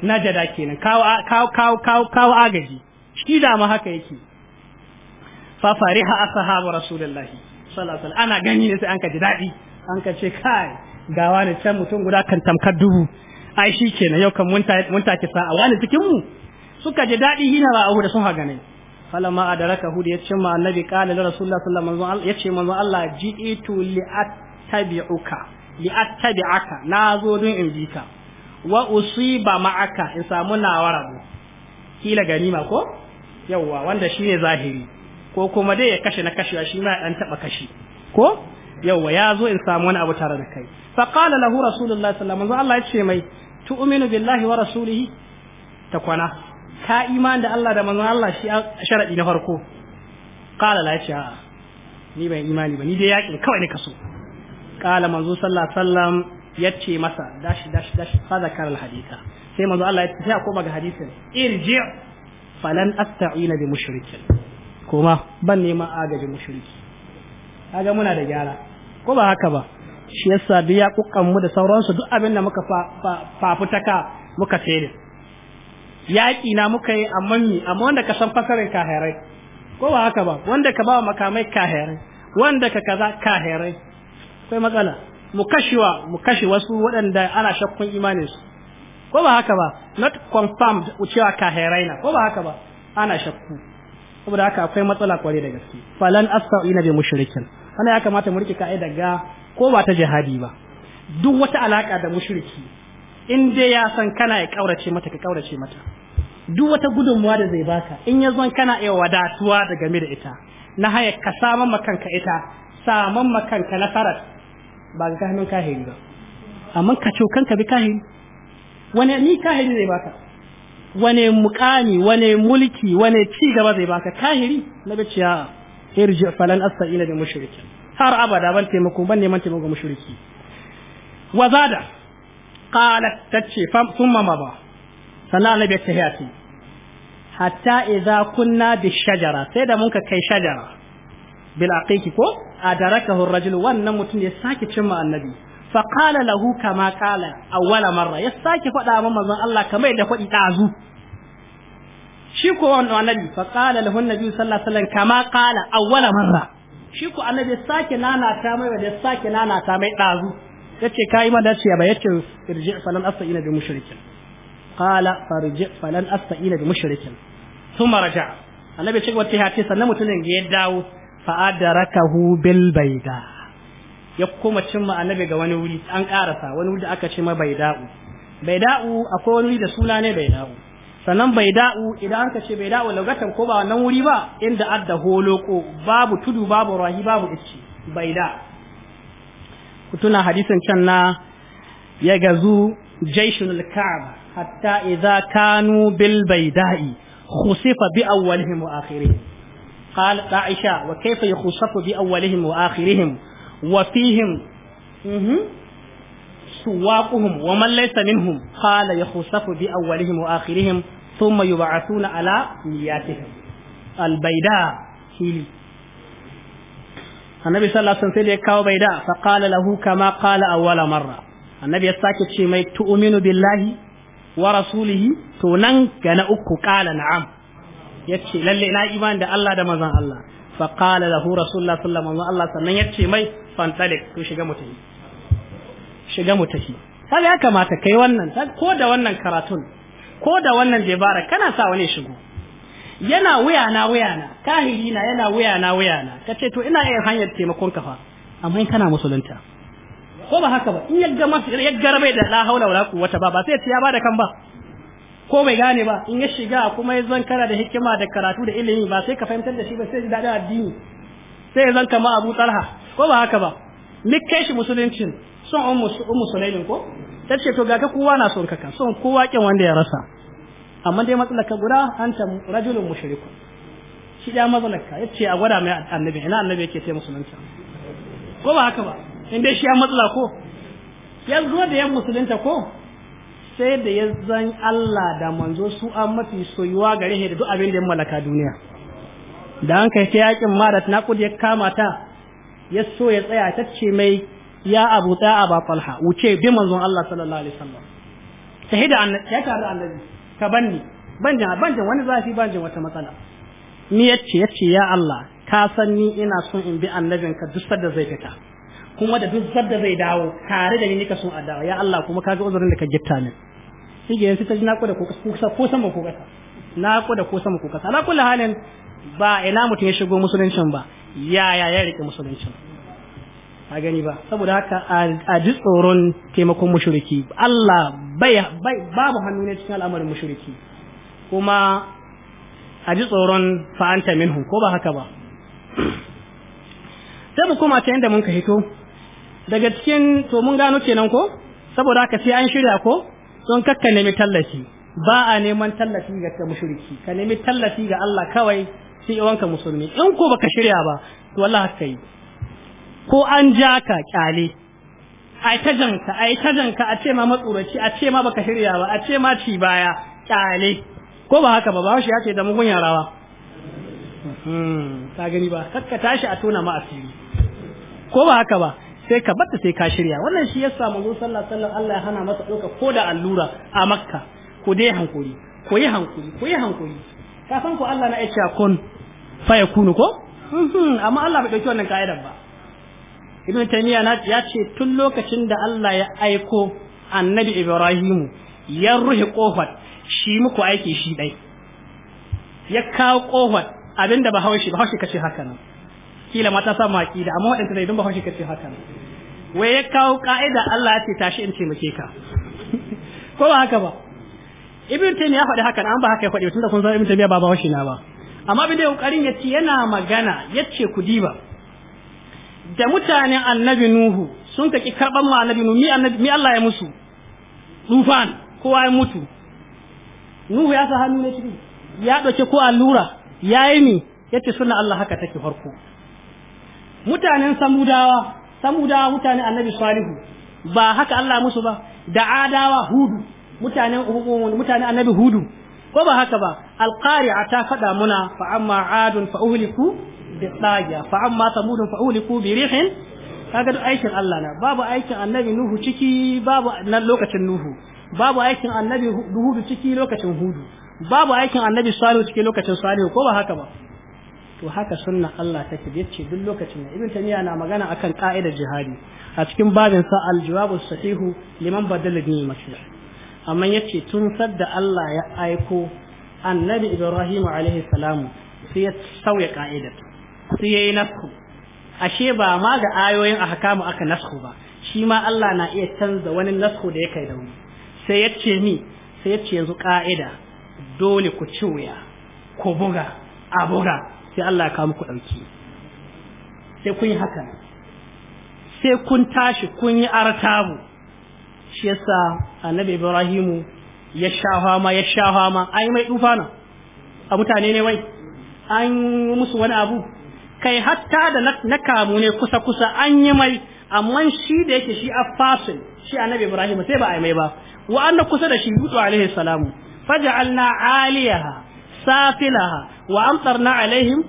najada kenan kawo kawo kawo kawo agaji shi da ma haka yake fa fariha ashabu rasulullahi sallallahu alaihi ana gani ne sai an ka ji dadi an ka ce kai ga wani can mutum guda kan tamkar dubu ai shi kenan yau kan mun take sa'a wani cikin mu suka ji dadi hina ba abu da sun haga ne falamma adaraka hu da yace ma annabi qala li rasulullahi sallallahu alaihi wasallam yace manzo Allah ji'itu li attabi'uka li attabi'aka nazo don in bi ka wa usiba ma'aka in samu nawarabu kila ganima ko yawwa wanda shine zahiri ko kuma dai ya kashe na kashewa shi ma ɗan taɓa kashi ko yawa ya zo in samu wani abu tare da kai fa qala lahu rasulullahi sallallahu alaihi wasallam Allah ya ce mai tu'minu billahi wa rasulihi ta kwana ka iman da Allah da manzon Allah shi sharadi na farko qala la ya ni ban imani ba ni dai yakin kawai ne kaso qala manzo sallallahu alaihi wasallam ce masa dashi dashi dashi fa zakara alhaditha sai manzo Allah ya ce sai a koma ga hadisin irji falan asta'ina bi mushrikin koma ban neman agajin mushriki kaga muna da gyara ko ba haka ba shi yasa duk ya kukan mu da sauransu duk abin da muka fafutaka muka tsere yaƙi na muka yi amma mi amma wanda ka san fasarin kahirai ko ba haka ba wanda ka ba wa makamai kahirai wanda ka kaza kahirai akwai matsala mu kashewa mu kashe wasu waɗanda ana shakkun imanin su ko ba haka ba not confirmed cewa kahirai na ko ba haka ba ana shakku saboda haka akwai matsala kware da gaske falan asta'ina bi mushrikin ana ya kamata mu rike ka'ida ga ko ba ta jihadi ba duk wata alaka da mushriki in dai ya san kana ya kaurace mata ka kaurace mata duk wata gudunmuwa da zai baka in ya zo kana ya wadatuwa da game da ita na haya ka saman makanka ita saman makanka nasarar ba ga hannun kahin ba amma ka cokan ka bi kahin wani ni kahin zai baka wane mukami wane mulki wane ci gaba zai baka kahiri na bace ya irji falan astaina da mushriki har abada ban taimako ban neman taimako ga mushriki wa zada qalat tace fam thumma maba ba sannan annabi ya tahiyati hatta idza kunna bi shajara sai da mun ka kai shajara bil aqiqi ko adarakahu ar-rajul wannan mutum ya sake cimma annabi fa qala lahu kama qala awwala marra ya sake faɗa ma manzon Allah kamar da faɗi ɗazu. shi ko wannan annabi fa qala lahu annabi sallallahu alaihi wasallam kama qala awwala marra shi ko annabi sake nanata mai da sake nanata mai dazu yace kai ma dace ba yace irji falan astaina bi mushrikin qala farji falan ina bi mushrikin thumma raja'a annabi ce wata ya ce sannan mutumin ya dawo fa adrakahu bil baida ya koma cimma annabi ga wani wuri an karasa wani wuri da aka ce ma bai baida'u akwai wani wuri da suna ne baida'u sannan da'u idan aka ce da'u lugatan ko ba wannan wuri ba inda adda holoko babu tudu babu rahi babu icci baida ku tuna hadisin can na ya gazu jaishul ka'aba hatta idza kanu bil baida'i khusifa bi awwalihim wa akhirihim قال عائشة وكيف يخصف بأولهم وآخرهم wa fihim سواقهم ومن ليس منهم قال يخصف بأولهم وآخرهم ثم يبعثون على نياتهم البيداء هيلي النبي صلى الله عليه وسلم يكاو بيداء فقال له كما قال أول مرة النبي الساكت شيمي تؤمن بالله ورسوله تنن كان أكو قال نعم يكشي للي لا إيمان دا الله دا مزان الله fa qala lahu rasulullah sallallahu alaihi wasallam sannan yace mai فانطلق تو shiga متي shiga متي kaga ya kamata kai wannan ko da wannan karatun ko da wannan jibara kana sa wani shigo yana wuya na wuya na kahiri na yana wuya na wuya na kace to ina iya hanyar taimakon kafa amma in kana musulunta ko ba haka ba in yagga masu yagga rabai da la haula wala quwwata ba ba sai ya bada kan ba ko bai gane ba in ya shiga kuma ya zan kana da hikima da karatu da ilimi ba sai ka fahimtar da shi ba sai ji daɗin addini sai ya zan kama abu talha ko ba haka ba kai shi musuluncin son ummu sulaimin ko ta ce to ga ka kowa na son kaka son kowa kin wanda ya rasa amma dai matsalaka guda an ta rajulun mushriku shi da matsalaka yace a gwada mai annabi ina annabi yake sai musulunta ko ba haka ba in dai shi ya matsala ko ya zo da yan musulunta ko sai da ya zan Allah da manzo su an mafi soyuwa gare shi da duk abin da ya mallaka duniya da an kai ta yakin ma da naƙud ya kama ta ya so ya tsaya ta ce mai ya abu ta aba falha wuce bi manzo Allah sallallahu alaihi wasallam shahida an ya tare annabi ka banni banjin banjan wani zafi banjin wata matsala ni yace yace ya Allah ka san ni ina son in bi annabinka duk da zai fita kuma da duk sadda zai dawo tare da ni nika sun a dawo ya Allah kuma ga uzurin da ka gitta min shi ke ta ji naƙuda da kusa ko sama ko kasa da ko sama ko kasa ala kullu halin ba ina mutum ya shigo musuluncin ba ya ya ya rike musuluncin a gani ba saboda haka a ji tsoron taimakon mushriki Allah bai babu hannu ne cikin al'amarin mushriki kuma a ji tsoron fa'anta minhu ko ba haka ba sai mu koma ta yadda mun ka hito daga cikin to mun gano kenan ko saboda haka sai an shirya ko don kakka nemi tallafi ba a neman tallafi ga ta mushriki ka nemi tallafi ga Allah kawai sai yawanka musulmi in ko baka shirya ba to Allah haka yi ko an ja ka kyale a ta janka a ta janka a ce ma matsuraci a ce ma baka shirya ba a ce ma ci baya kyale ko ba haka ba ba shi ya ce da mugun yarawa hmm, ka gani ba kakka tashi a tona ma asiri ko ba haka ba sai ka bata sai ka shirya wannan shi yasa manzon sallallahu alaihi wasallam Allah ya hana masa doka ko da allura a makka ko dai hankuri ko yi hankuri ko yi hankuri ka san ko Allah na ya ce kun fa yakunu ko hmm, amma Allah bai dauki wannan ka'idar ba ibn taymiya na ya ce tun lokacin da Allah ya aiko annabi ibrahimu ya ruhi kofar shi muku aiki shi dai ya kawo kofar abinda ba haushi ba haushi kace haka nan kila mata sa maki da amma waɗanda idan ba haushi kace hakan wai ya kawo ka'ida Allah ya ce tashi in taimake ka ko ba haka ba ibn taymiya faɗi hakan an ba haka ya faɗi tunda kun san ibn taymiya ba ba haushi na ba amma bi da kokarin yace yana magana yace ku diba da mutanen annabi nuhu sun kaki karban mu annabi nuhu mi annabi mi Allah ya musu tufan kowa ya mutu nuhu ya sa hannu ne ciki ya ɗauki ko allura ya yi ni yace ce suna Allah haka take farko mutanen samudawa samudawa mutanen annabi salihu ba haka Allah musu ba da adawa hudu mutanen mutanen annabi hudu ko ba haka ba alqari'a ta fada muna fa amma adun fa uhliku bi tsaja fa amma samud fa uhliku bi rihin kaga aikin Allah na babu aikin annabi nuhu ciki babu nan lokacin nuhu babu aikin annabi hudu ciki lokacin hudu babu aikin annabi salihu ciki lokacin salihu ko ba haka ba to haka sunna Allah take yace duk lokacin da ibn tamiya na magana akan ka'idar jihadi a cikin babin sa al-jawabu sahihu liman badala dini masih amma yace tun sadda Allah ya aiko annabi Ibrahim alaihi salamu sai ya sauya ka'idar sai yayi nasku ashe ba ma ga ayoyin ahkamu aka nasku ba shi ma Allah na iya canza wani nasku da ya kai da mu sai yace ni sai yace yanzu qa'ida dole ku ci wuya ku buga a buga sai Allah ya kawo muku ɗauki sai kun yi haka sai kun tashi kun yi artabu shi yasa annabi Ibrahimu ya sha ma ya sha ma ai mai na a mutane ne wai an yi musu wani abu kai hatta da na kamu ne kusa kusa an yi mai amma shi da yake shi a fasil shi annabi Ibrahim sai ba a yi mai ba wa kusa da shi Yusuf alaihi salamu faj'alna aliyaha safilaha wa amtarna alaihim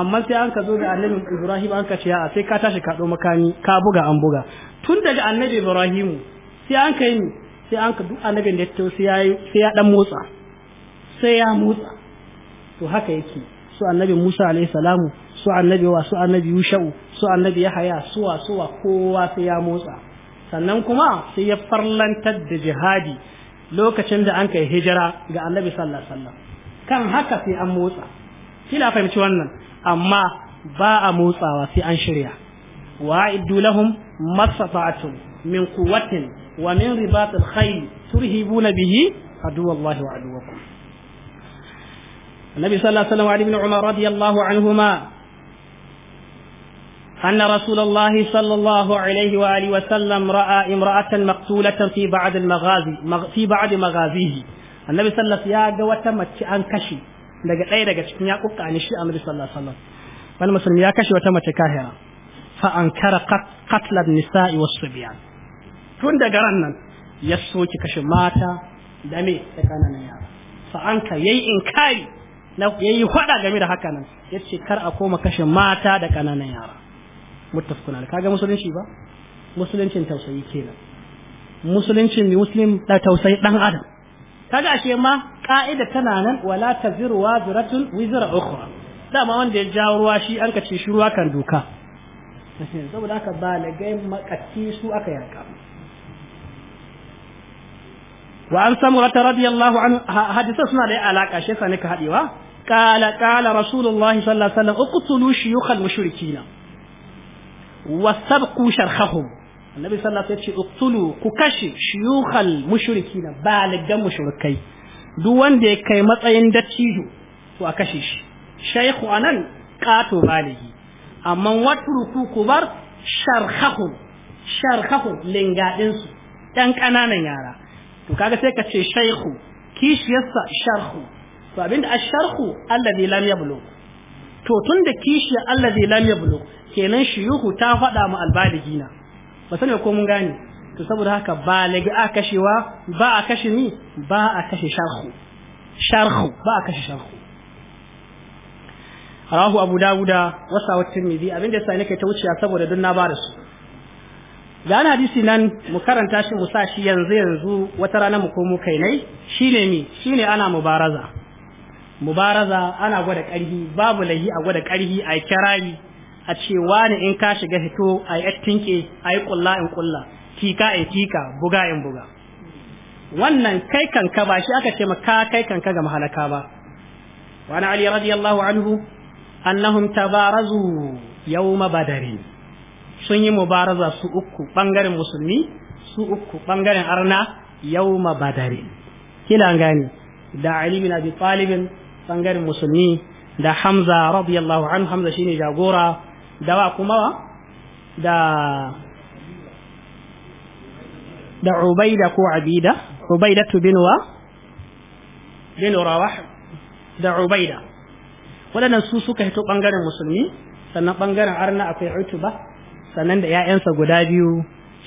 amma sai an ka zo ga annabi Ibrahim an ka ce a sai ka tashi ka do makani ka buga an buga tun daga annabi Ibrahim sai an ka yi sai an ka duk annabin da tawo sai ya dan motsa sai ya motsa to haka yake su annabi Musa alaihi salamu su annabi wa su annabi Yushau su annabi Yahaya su wa kowa sai ya motsa sannan kuma sai ya farlantar da jihadi lokacin da an kai hijira ga annabi sallallahu alaihi wasallam kan haka sai an motsa kila fahimci wannan amma ba a motsawa sai an shirya wa iddu lahum mastata'tum min quwwatin wa min ribatil khayl turhibuna bihi aduwallahi wa aduwakum النبي صلى الله عليه وسلم وعن ابن عمر رضي الله عنهما أن رسول الله صلى الله عليه وآله وسلم رأى امرأة مقتولة في بعض المغازي في بعض مغازيه annabi sallallahu ya ga wata mace an kashe daga ɗaya daga cikin ya kuka ne shi annabi sallallahu alaihi wasallam wani musulmi ya kashe wata mace kahira fa ankara an nisa'i was subyan tun daga ran nan ya soki kashe mata da me da kananan yara fa anka yayi inkari na yayi fada game da haka nan yace kar a koma kashe mata da kananan yara muttafaquna kaga musulunci ba musuluncin tausayi kenan musuluncin muslim da tausayi dan adam kaga ashe ma ka'ida tana nan wala taziru waziratun wizra ukhra dama wanda ya jawo ruwa shi an kace shi ruwa kan doka saboda haka balagai makatti su aka yanka wa an samu rata radiyallahu anhu hadisa suna da alaka shi yasa ka hadewa qala qala rasulullahi sallallahu alaihi wasallam uqtulu shuyukhal mushrikina wasabqu sharhahum annabi sallallahu alaihi wasallam ya ce uktulu ku kashe shuyukhal mushrikina baligan mushrikai duk wanda ya kai matsayin dattijo to a kashe shi shaykhu anan qato baligi amma watruku kubar sharhahum sharhahu lingadin su dan kananan yara to kaga sai ka ce shaykhu kishiyarsa sharhu to abinda asharhu alladhi lam yablu to tunda kishi alladhi lam yablu kenan shuyuhu ta faɗa mu albaligina ba sani ko mun gane to saboda haka ba lagi a kashewa ba a kashe ni ba a kashe sharhu sharhu ba a kashe sharhu rahu abu dawuda wasa wa tirmidhi abin da sai nake ta wuce saboda dun na ba da su ga an hadisi nan mu karanta shi mu sa shi yanzu yanzu wata rana mu komo kai nai shine mi shine ana mubaraza mubaraza ana gwada karhi babu lahi a gwada karhi a kirari a ce wani in ka shiga hito a yi tinke a yi kulla in kulla tika in tika buga in buga wannan kai kanka ba shi aka ce maka kai kanka ga mahalaka ba wani ali radiyallahu anhu annahum tabarazu yawma badari sun yi mubaraza su uku bangaren musulmi su uku bangaren arna yawma badari kila gani da ali bin abi talibin bangaren musulmi da hamza radiyallahu anhu hamza shine jagora da wa kuma da da ubaida ko abida ubaida bin wa bin rawah da ubaida waɗannan su suka hito ɓangaren musulmi sannan ɓangaren arna akwai utuba sannan da 'ya'yansa guda biyu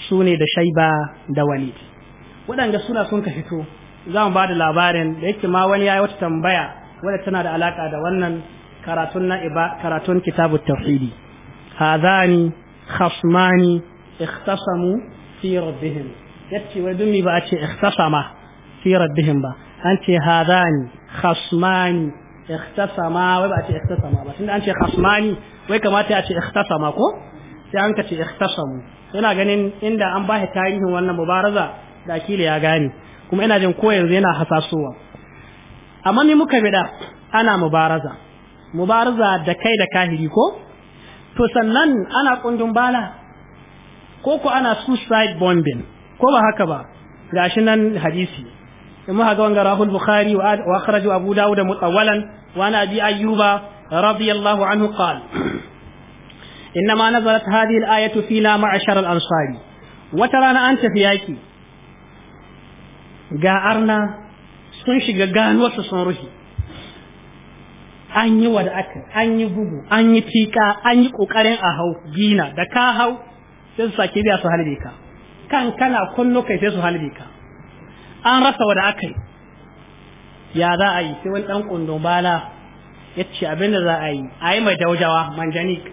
su da shaiba da walid waɗanda suna sun ka hito, za mu ba da labarin da yake ma wani ya yi wata tambaya wadda tana da alaƙa da wannan karatun na karatun kitabu hazani khasmani ikhtasamu fi rabbihim yace wai dun ba a ce ikhtasama fi rabbihim ba an ce hazani khasmani ikhtasama wai ba a ce ikhtasama ba tunda an ce khasmani wai kamata a ce ikhtasama ko sai an ka ce ikhtasamu yana ganin inda an ba tarihin wannan mubaraza da akila ya gane kuma ina jin ko yanzu yana hasasowa amma ni muka biɗa ana mubaraza mubaraza da kai da kahiri ko to sannan ana kundin bala ko ko ana suicide bombing ko ba haka ba gashi nan hadisi kuma haka wanga rahul bukhari wa akhraju abu dawud mutawwalan wa ana abi ayyuba radiyallahu anhu qala إنما نزلت هذه الآية فينا معشر الأنصار وترانا أنت في ياكي قارنا سنشي قان وسسن رشي an yi wadaka an yi bugu an yi tika an yi kokarin a hau gina da ka hau sai su sake biya su halbe ka kan kana kunnu kai sai su halbe ka an rasa wa aka ya za a yi sai wani dan kundo bala ya ce abin da za a yi a yi daujawa manjanik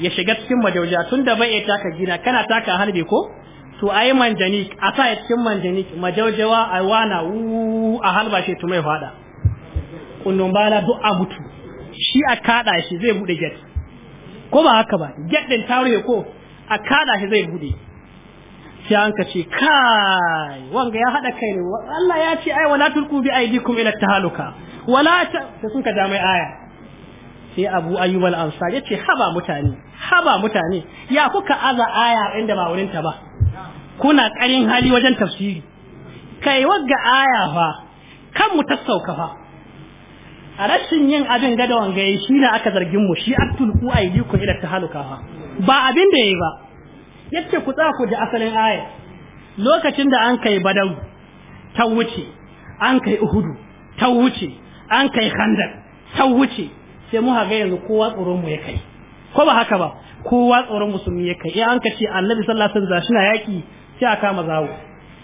ya shiga cikin majaujawa tun da bai taka gina kana taka halbe ko to a yi manjanik a sa ya cikin manjanik majaujawa a wana wu a halba shi tumai mai fada kullum bala duk a mutu shi a kada shi zai bude get ko ba haka ba get din tare ko a kada shi zai bude sai an ka ce kai wanga ya hada kai ne Allah ya ce ai wala tulku bi aidikum ila tahaluka wala ta sun ka jami'a aya sai Abu Ayyub al-Ansari ce haba mutane haba mutane ya kuka aza aya inda ba wurin ta ba kuna karin hali wajen tafsiri kai wagga aya fa kan mu tasauka fa a rashin yin abin gada wangaye shi ne aka zargin mu shi aktul ku aidiku ila tahaluka haluka ba abin da yayi ba yace ku tsaya ku asalin aya lokacin da an kai badau ta wuce an kai uhudu ta wuce an kai khandar ta wuce sai mu haga yanzu kowa tsoron mu ya kai ko ba haka ba kowa tsoron musulmi ya kai eh an kace annabi sallallahu alaihi wasallam na yaki sai aka kama zawo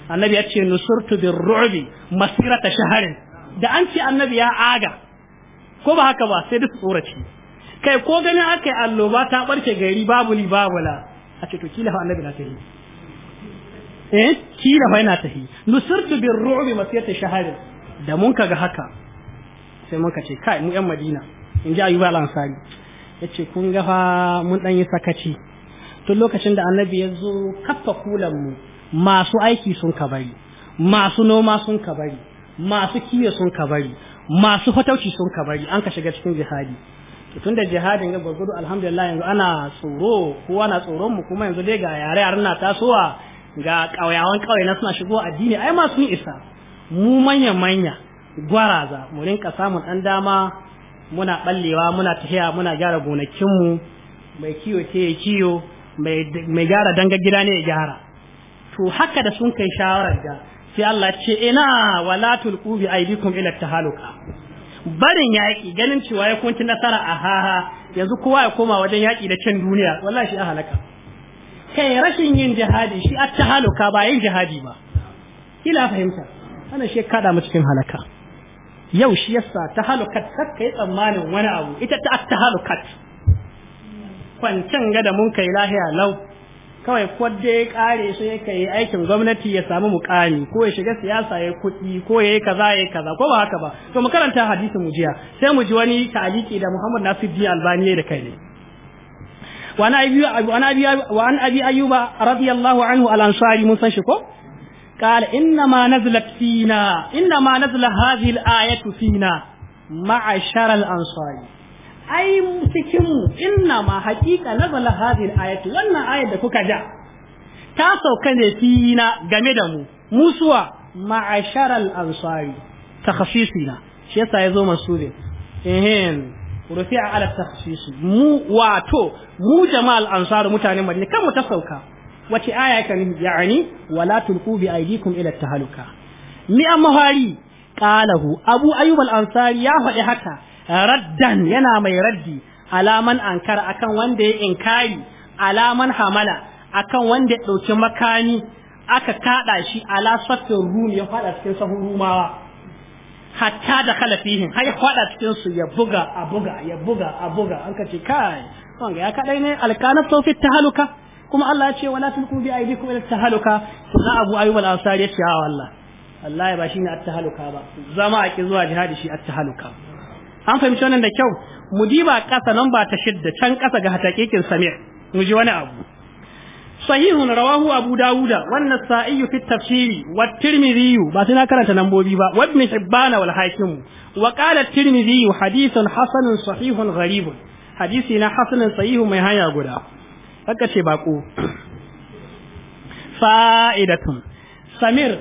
annabi ya ce nusurtu birru'bi masirata shaharin da an ce annabi ya aga ko ba haka ba sai da su tsoraci kai ko ganin aka yi alloba ta barke gari babu li babu la a ce to kila fa annabi na tahi eh kila fa yana tahi nusirtu bir ru'bi masiyata shahada da mun kaga haka sai mun kace kai mu yan madina in ji ayyuba al-ansari yace kun ga fa mun dan yi sakaci tun lokacin da annabi ya zo kafa kulan mu masu aiki sun ka bari masu noma sun ka bari masu kiyo sun ka bari. masu fatauci sun kabari an ka shiga cikin jihadi tun da jihadin ga gurgudu alhamdulillah yanzu ana tsoro kowa na tsoron mu kuma yanzu dai ga yare yaren na tasowa ga ƙauyawan ƙauye na suna shigo addini ai masu sun isa mu manya manya gwaraza mu rinka samun ɗan dama muna ɓallewa muna tafiya muna gyara gonakinmu mai kiyo ce kiyo mai gyara dangar gida ne ya gyara to haka da sun kai shawarar da sai Allah ce ina wala tulqu bi aydikum ila tahaluka barin yaki ganin cewa ya kunci nasara a haha yanzu kowa ya koma wajen yaki da can duniya wallahi shi ahalaka kai rashin yin jihadi shi at tahaluka ba yin jihadi ba kila fahimta ana shi kada mu cikin halaka yau shi yasa tahalukat kakka yi tsammanin wani abu ita ta at tahalukat kwancan ga da mun kai lahiya lau kawai kwadda ya kare shi yake kai aikin gwamnati ya samu mukami ko ya shiga siyasa ya kuɗi ko ya yi kaza ya kaza ko ba haka ba to mu karanta hadisi mu jiya sai mu ji wani taliki da Muhammad Nasir Di Albani da kai ne wa ana wa wa an abi ayyuba radiyallahu anhu al-ansari mun san shi ko قال إنما نزلت فينا إنما نزل هذه الآية فينا معشر الأنصار ai cikin mu inna ma haqiqa nazala hadhihi ayatu wannan ayat da kuka ja ta sauka ne fina game da mu musuwa ma'asharal ansari takhsisina shi yasa yazo masure ehin rufi'a ala takhsis mu wato mu jama'al ansar mutanen madina kan mu ta sauka wace aya kan yani wala tulqu bi aydikum ila tahaluka mi mahari. qalahu abu ayyub al ansari ya faɗi haka raddan yana mai raddi alaman ankara akan wanda ya inkari alaman hamala akan wanda ya ɗauki makami aka kaɗa shi ala saffin rum ya fada cikin sahun rumawa hatta da kala har ya faɗa cikin su ya buga a buga ya buga a buga an kace kai wanga ya kadai ne alkanat fi tahaluka kuma Allah ya ce wala tulku bi aydikum ila tahaluka to na Abu Ayyub al asari ya ce a Allah wallahi ba shine at-tahaluka ba zama a ki zuwa jihadi shi at-tahaluka an fahimci wannan da kyau mu diba ƙasa nan ba ta shidda can ƙasa ga hatakekin sami mu ji wani abu sahihun rawahu abu dawuda wannan sa'iyyu fi tafsiri wa tirmidhi ba sai na karanta lambobi ba wa ibn hibban wal hakim wa qala tirmidhi hadithun hasanun sahihun gharibun hadisi na hasanun sahihu mai haya guda haka ce bako fa'idatun samir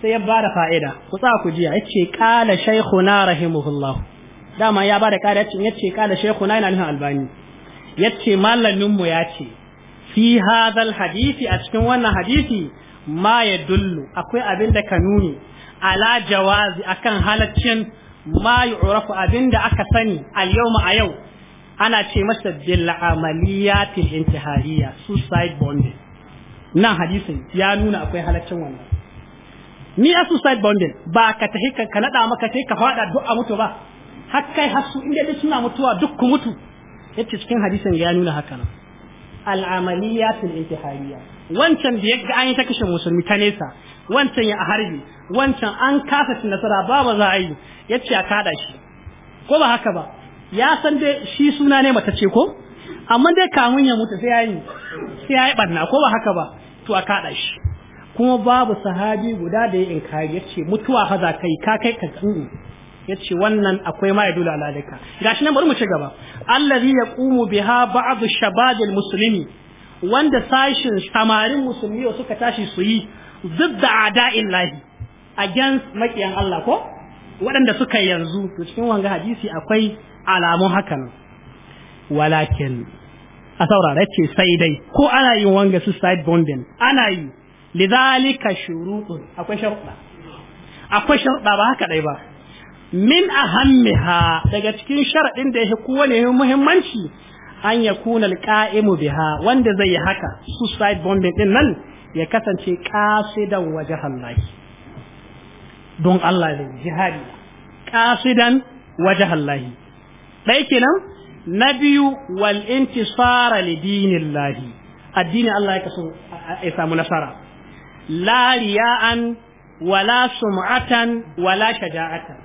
sai ya bada fa'ida ku tsaya ku jiya yace qala shaykhuna rahimahullahu dama ya ba da kare yace yace kala na yana nufin albani yace malamin mu ce, fi hadal hadisi a cikin wannan hadisi ma ya dullu akwai abin da ka nuni ala jawazi akan halaccin ma urafu abin da aka sani al ma a yau ana ce masa bil amaliyatil intihariya suicide bonding. nan hadisin ya nuna akwai halaccin wannan ni a suicide bonding ba ka tahi ka naɗa maka sai ka faɗa duk a mutu ba har kai har su inda dai suna mutuwa duk ku mutu yace cikin hadisin ya nuna haka nan al'amaliyatul intihariya wancan da yake an yi ta kashe musulmi ta nesa wancan ya harbi wancan an kasa cin nasara babu za a yi yace a kada shi ko ba haka ba ya san dai shi suna ne mata ce ko amma dai kamun ya mutu sai yayi sai yayi barna ko ba haka ba to a kada shi kuma babu sahabi guda da ya inkari yace mutuwa fa za kai ka kai ka yace wannan akwai ma yadulu ala dalika gashi nan bari mu ci gaba allazi yaqumu biha ba'd shabab muslimi wanda sashin samarin musulmi suka tashi su yi zidda ada'in against makiyan Allah ko waɗanda suka yanzu to cikin wanga hadisi akwai alamun hakan walakin a saurara ce sai dai ko ana yin wanga side bombing ana yi lidhalika shurutun akwai sharuɗa akwai sharuɗa ba haka dai ba min ahammiha daga cikin sharadin da yake kowane muhimmanci an yakuna alqa'imu biha wanda zai yi haka suicide bombing din nan ya kasance qasidan wajhan lahi don Allah ne jihadi qasidan wajhan lahi dai kenan na biyu wal intisara li dinillahi addini Allah ya kaso ya samu nasara la ya'an wala sum'atan wala shaja'atan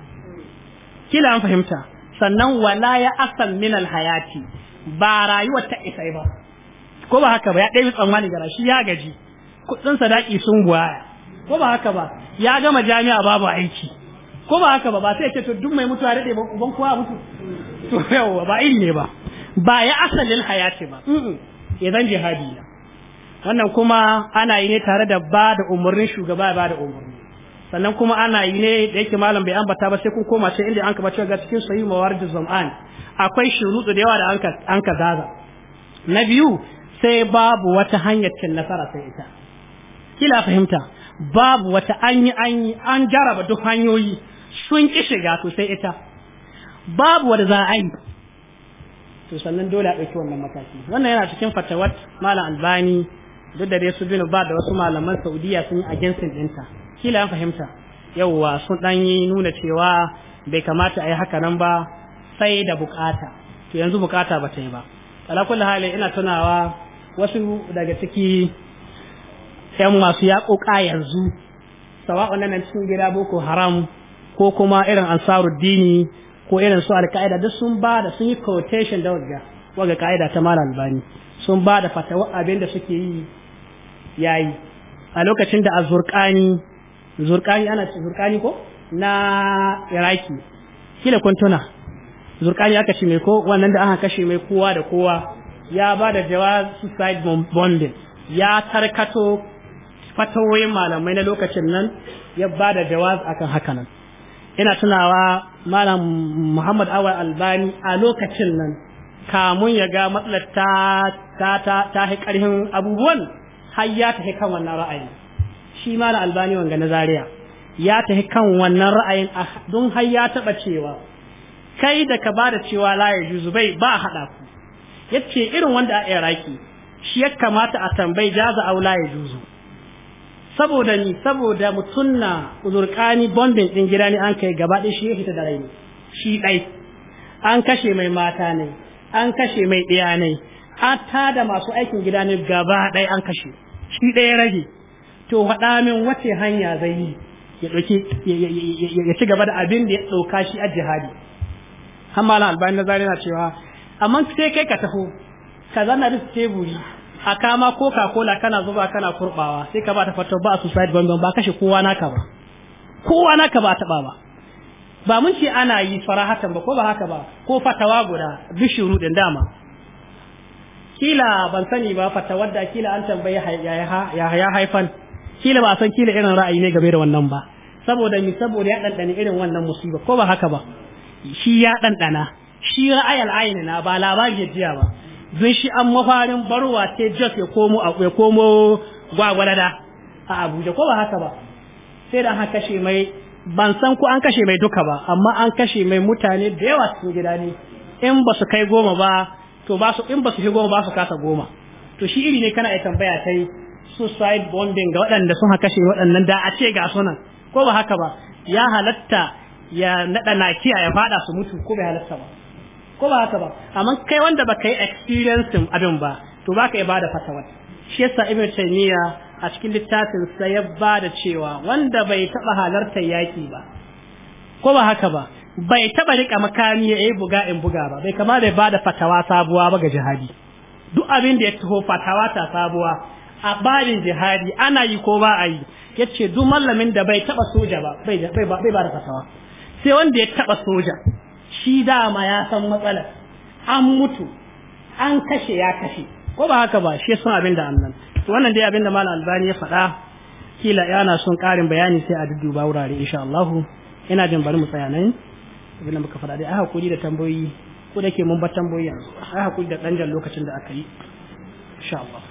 kila an fahimta sannan wala ya asal min hayati ba rayuwar ta isa ba ko ba haka ba ya dai tsammani gara shi ya gaji kudin sadaki sun buwaya ko ba haka ba ya gama jami'a babu aiki ko ba haka ba ba sai ce to duk mai mutuwa daɗe ba uban kowa mutu to yawa ba iri ne ba ba ya asalin hayati ba idan jihadi wannan kuma ana yi ne tare da ba da umarnin shugaba ba da umarni sannan kuma ana yi ne da yake malam bai ambata ba sai kun koma sai inda an ka bace ga cikin sahih mawarij zam'an akwai shurutu da yawa da anka anka zaza na biyu sai babu wata hanyar cin nasara sai ita kila fahimta babu wata an yi an jaraba duk hanyoyi sun ki shiga to sai ita babu wanda za a yi to sannan dole a ɗauki wannan mataki wannan yana cikin fatawat malam albani duk da dai su bin ba da wasu malaman saudiya sun yi a agensin ɗinta kila an fahimta yauwa sun dan yi nuna cewa bai kamata a yi haka nan ba sai da bukata to yanzu bukata ba ta yi ba ala kulli hali ina tunawa wasu daga ciki yan masu yaƙoƙa yanzu sawa'un nan cikin gida boko haram ko kuma irin dini ko irin su alka'ida duk sun ba da sun yi quotation da waga waga ka'ida ta malam albani sun ba da fatawa abin da suke yi yayi a lokacin da azurƙani zurkani ana ce zurkani ko na iraki kila kuntuna zurkani aka ce mai ko wannan da aka kashe mai kowa da kowa ya ba da jawab suicide bonding ya tarkato fatawoyin malamai na lokacin nan ya ba da jawab akan haka nan ina tunawa malam muhammad awal albani a lokacin nan kamun ya ga matsalar ta ta ta ta abubuwan har ya tafi kan wannan ra'ayi shi mala albani wanga na Zariya ya yi kan wannan ra'ayin don har ya taɓa cewa kai da ka ba da cewa la ya juzu bai ba haɗa ku yace irin wanda a raki shi ya kamata a tambayi jaza au la ya juzu saboda ni saboda na uzurkani bombin ɗin gida ne an kai gaba ɗaya shi ya fita da rai shi ɗai an kashe mai mata ne an kashe mai ɗiya ne an da masu aikin gida ne gaba ɗaya an kashe shi ɗaya rage to faɗa min wace hanya zai yi ya ɗauki ya ci gaba da abin da ya ɗauka shi a jihadi har malam albani na zari na cewa amma sai kai ka taho ka zana bisa teburi a kama ka kola kana zuba kana kurbawa sai ka ba ta fata ba a suicide bombing ba kashe kowa naka ba kowa naka ba ta ba ba mun ce ana yi fara farahatan ba ko ba haka ba ko fatawa guda bishiru din dama kila ban sani ba fatawar da kila an tambayi ya haifan kila ba san kila irin ra'ayi ne game da wannan ba saboda mi saboda ya dandana irin wannan musiba ko ba haka ba shi ya dandana shi ra'ayal ayin na ba labari ya jiya ba zai shi an mafarin barwa ce jos ya komo ya komo gwagwalada a Abuja ko ba haka ba sai da haka kashe mai ban san ko an kashe mai duka ba amma an kashe mai mutane da yawa su gida ne in ba su kai goma ba to ba su in ba su shi goma ba su kasa goma to shi iri ne kana ai tambaya ta yi suicide bombing ga waɗanda sun kashe waɗannan da a ce ga sunan ko ba haka ba ya halatta ya naɗa nakiya ya faɗa su mutu ko bai halatta ba ko ba haka ba amma kai wanda baka yi experience abin ba to baka yi bada fatawa shi yasa ibn taymiya a cikin littafin sa ya bada cewa wanda bai taba halartar yaki ba ko ba haka ba bai taba rika makami ya yi buga in buga ba bai kamata ya bada fatawa sabuwa ba ga jihadi duk abin da ya taho fatawa ta sabuwa a babin jihadi ana yi ko ba a yi yace duk mallamin da bai taba soja ba bai bai ba da kasawa sai wanda ya taba soja shi dama ya san matsala an mutu an kashe ya kashe ko ba haka ba shi sun abin da annan to wannan dai abin da malam albani ya faɗa kila yana son ƙarin bayani sai a dudduba wurare insha Allah ina jin bari mu tsaya nan abin da muka faɗa dai a hakuri da tambayoyi ko da ke mun ba tambayoyi yanzu a hakuri da ɗan lokacin da aka yi insha Allah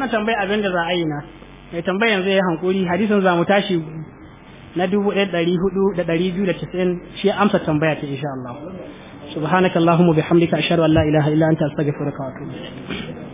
wannan tambaya abin da za a yi na mai tambayan zai yi hankuri hadisin za mu tashi na dubu ɗaya ɗari hudu da ɗari biyu da casa'in shi amsa tambaya ta insha Allah subhanakallahumma bihamdika ashhadu an la ilaha illa anta astaghfiruka wa atubu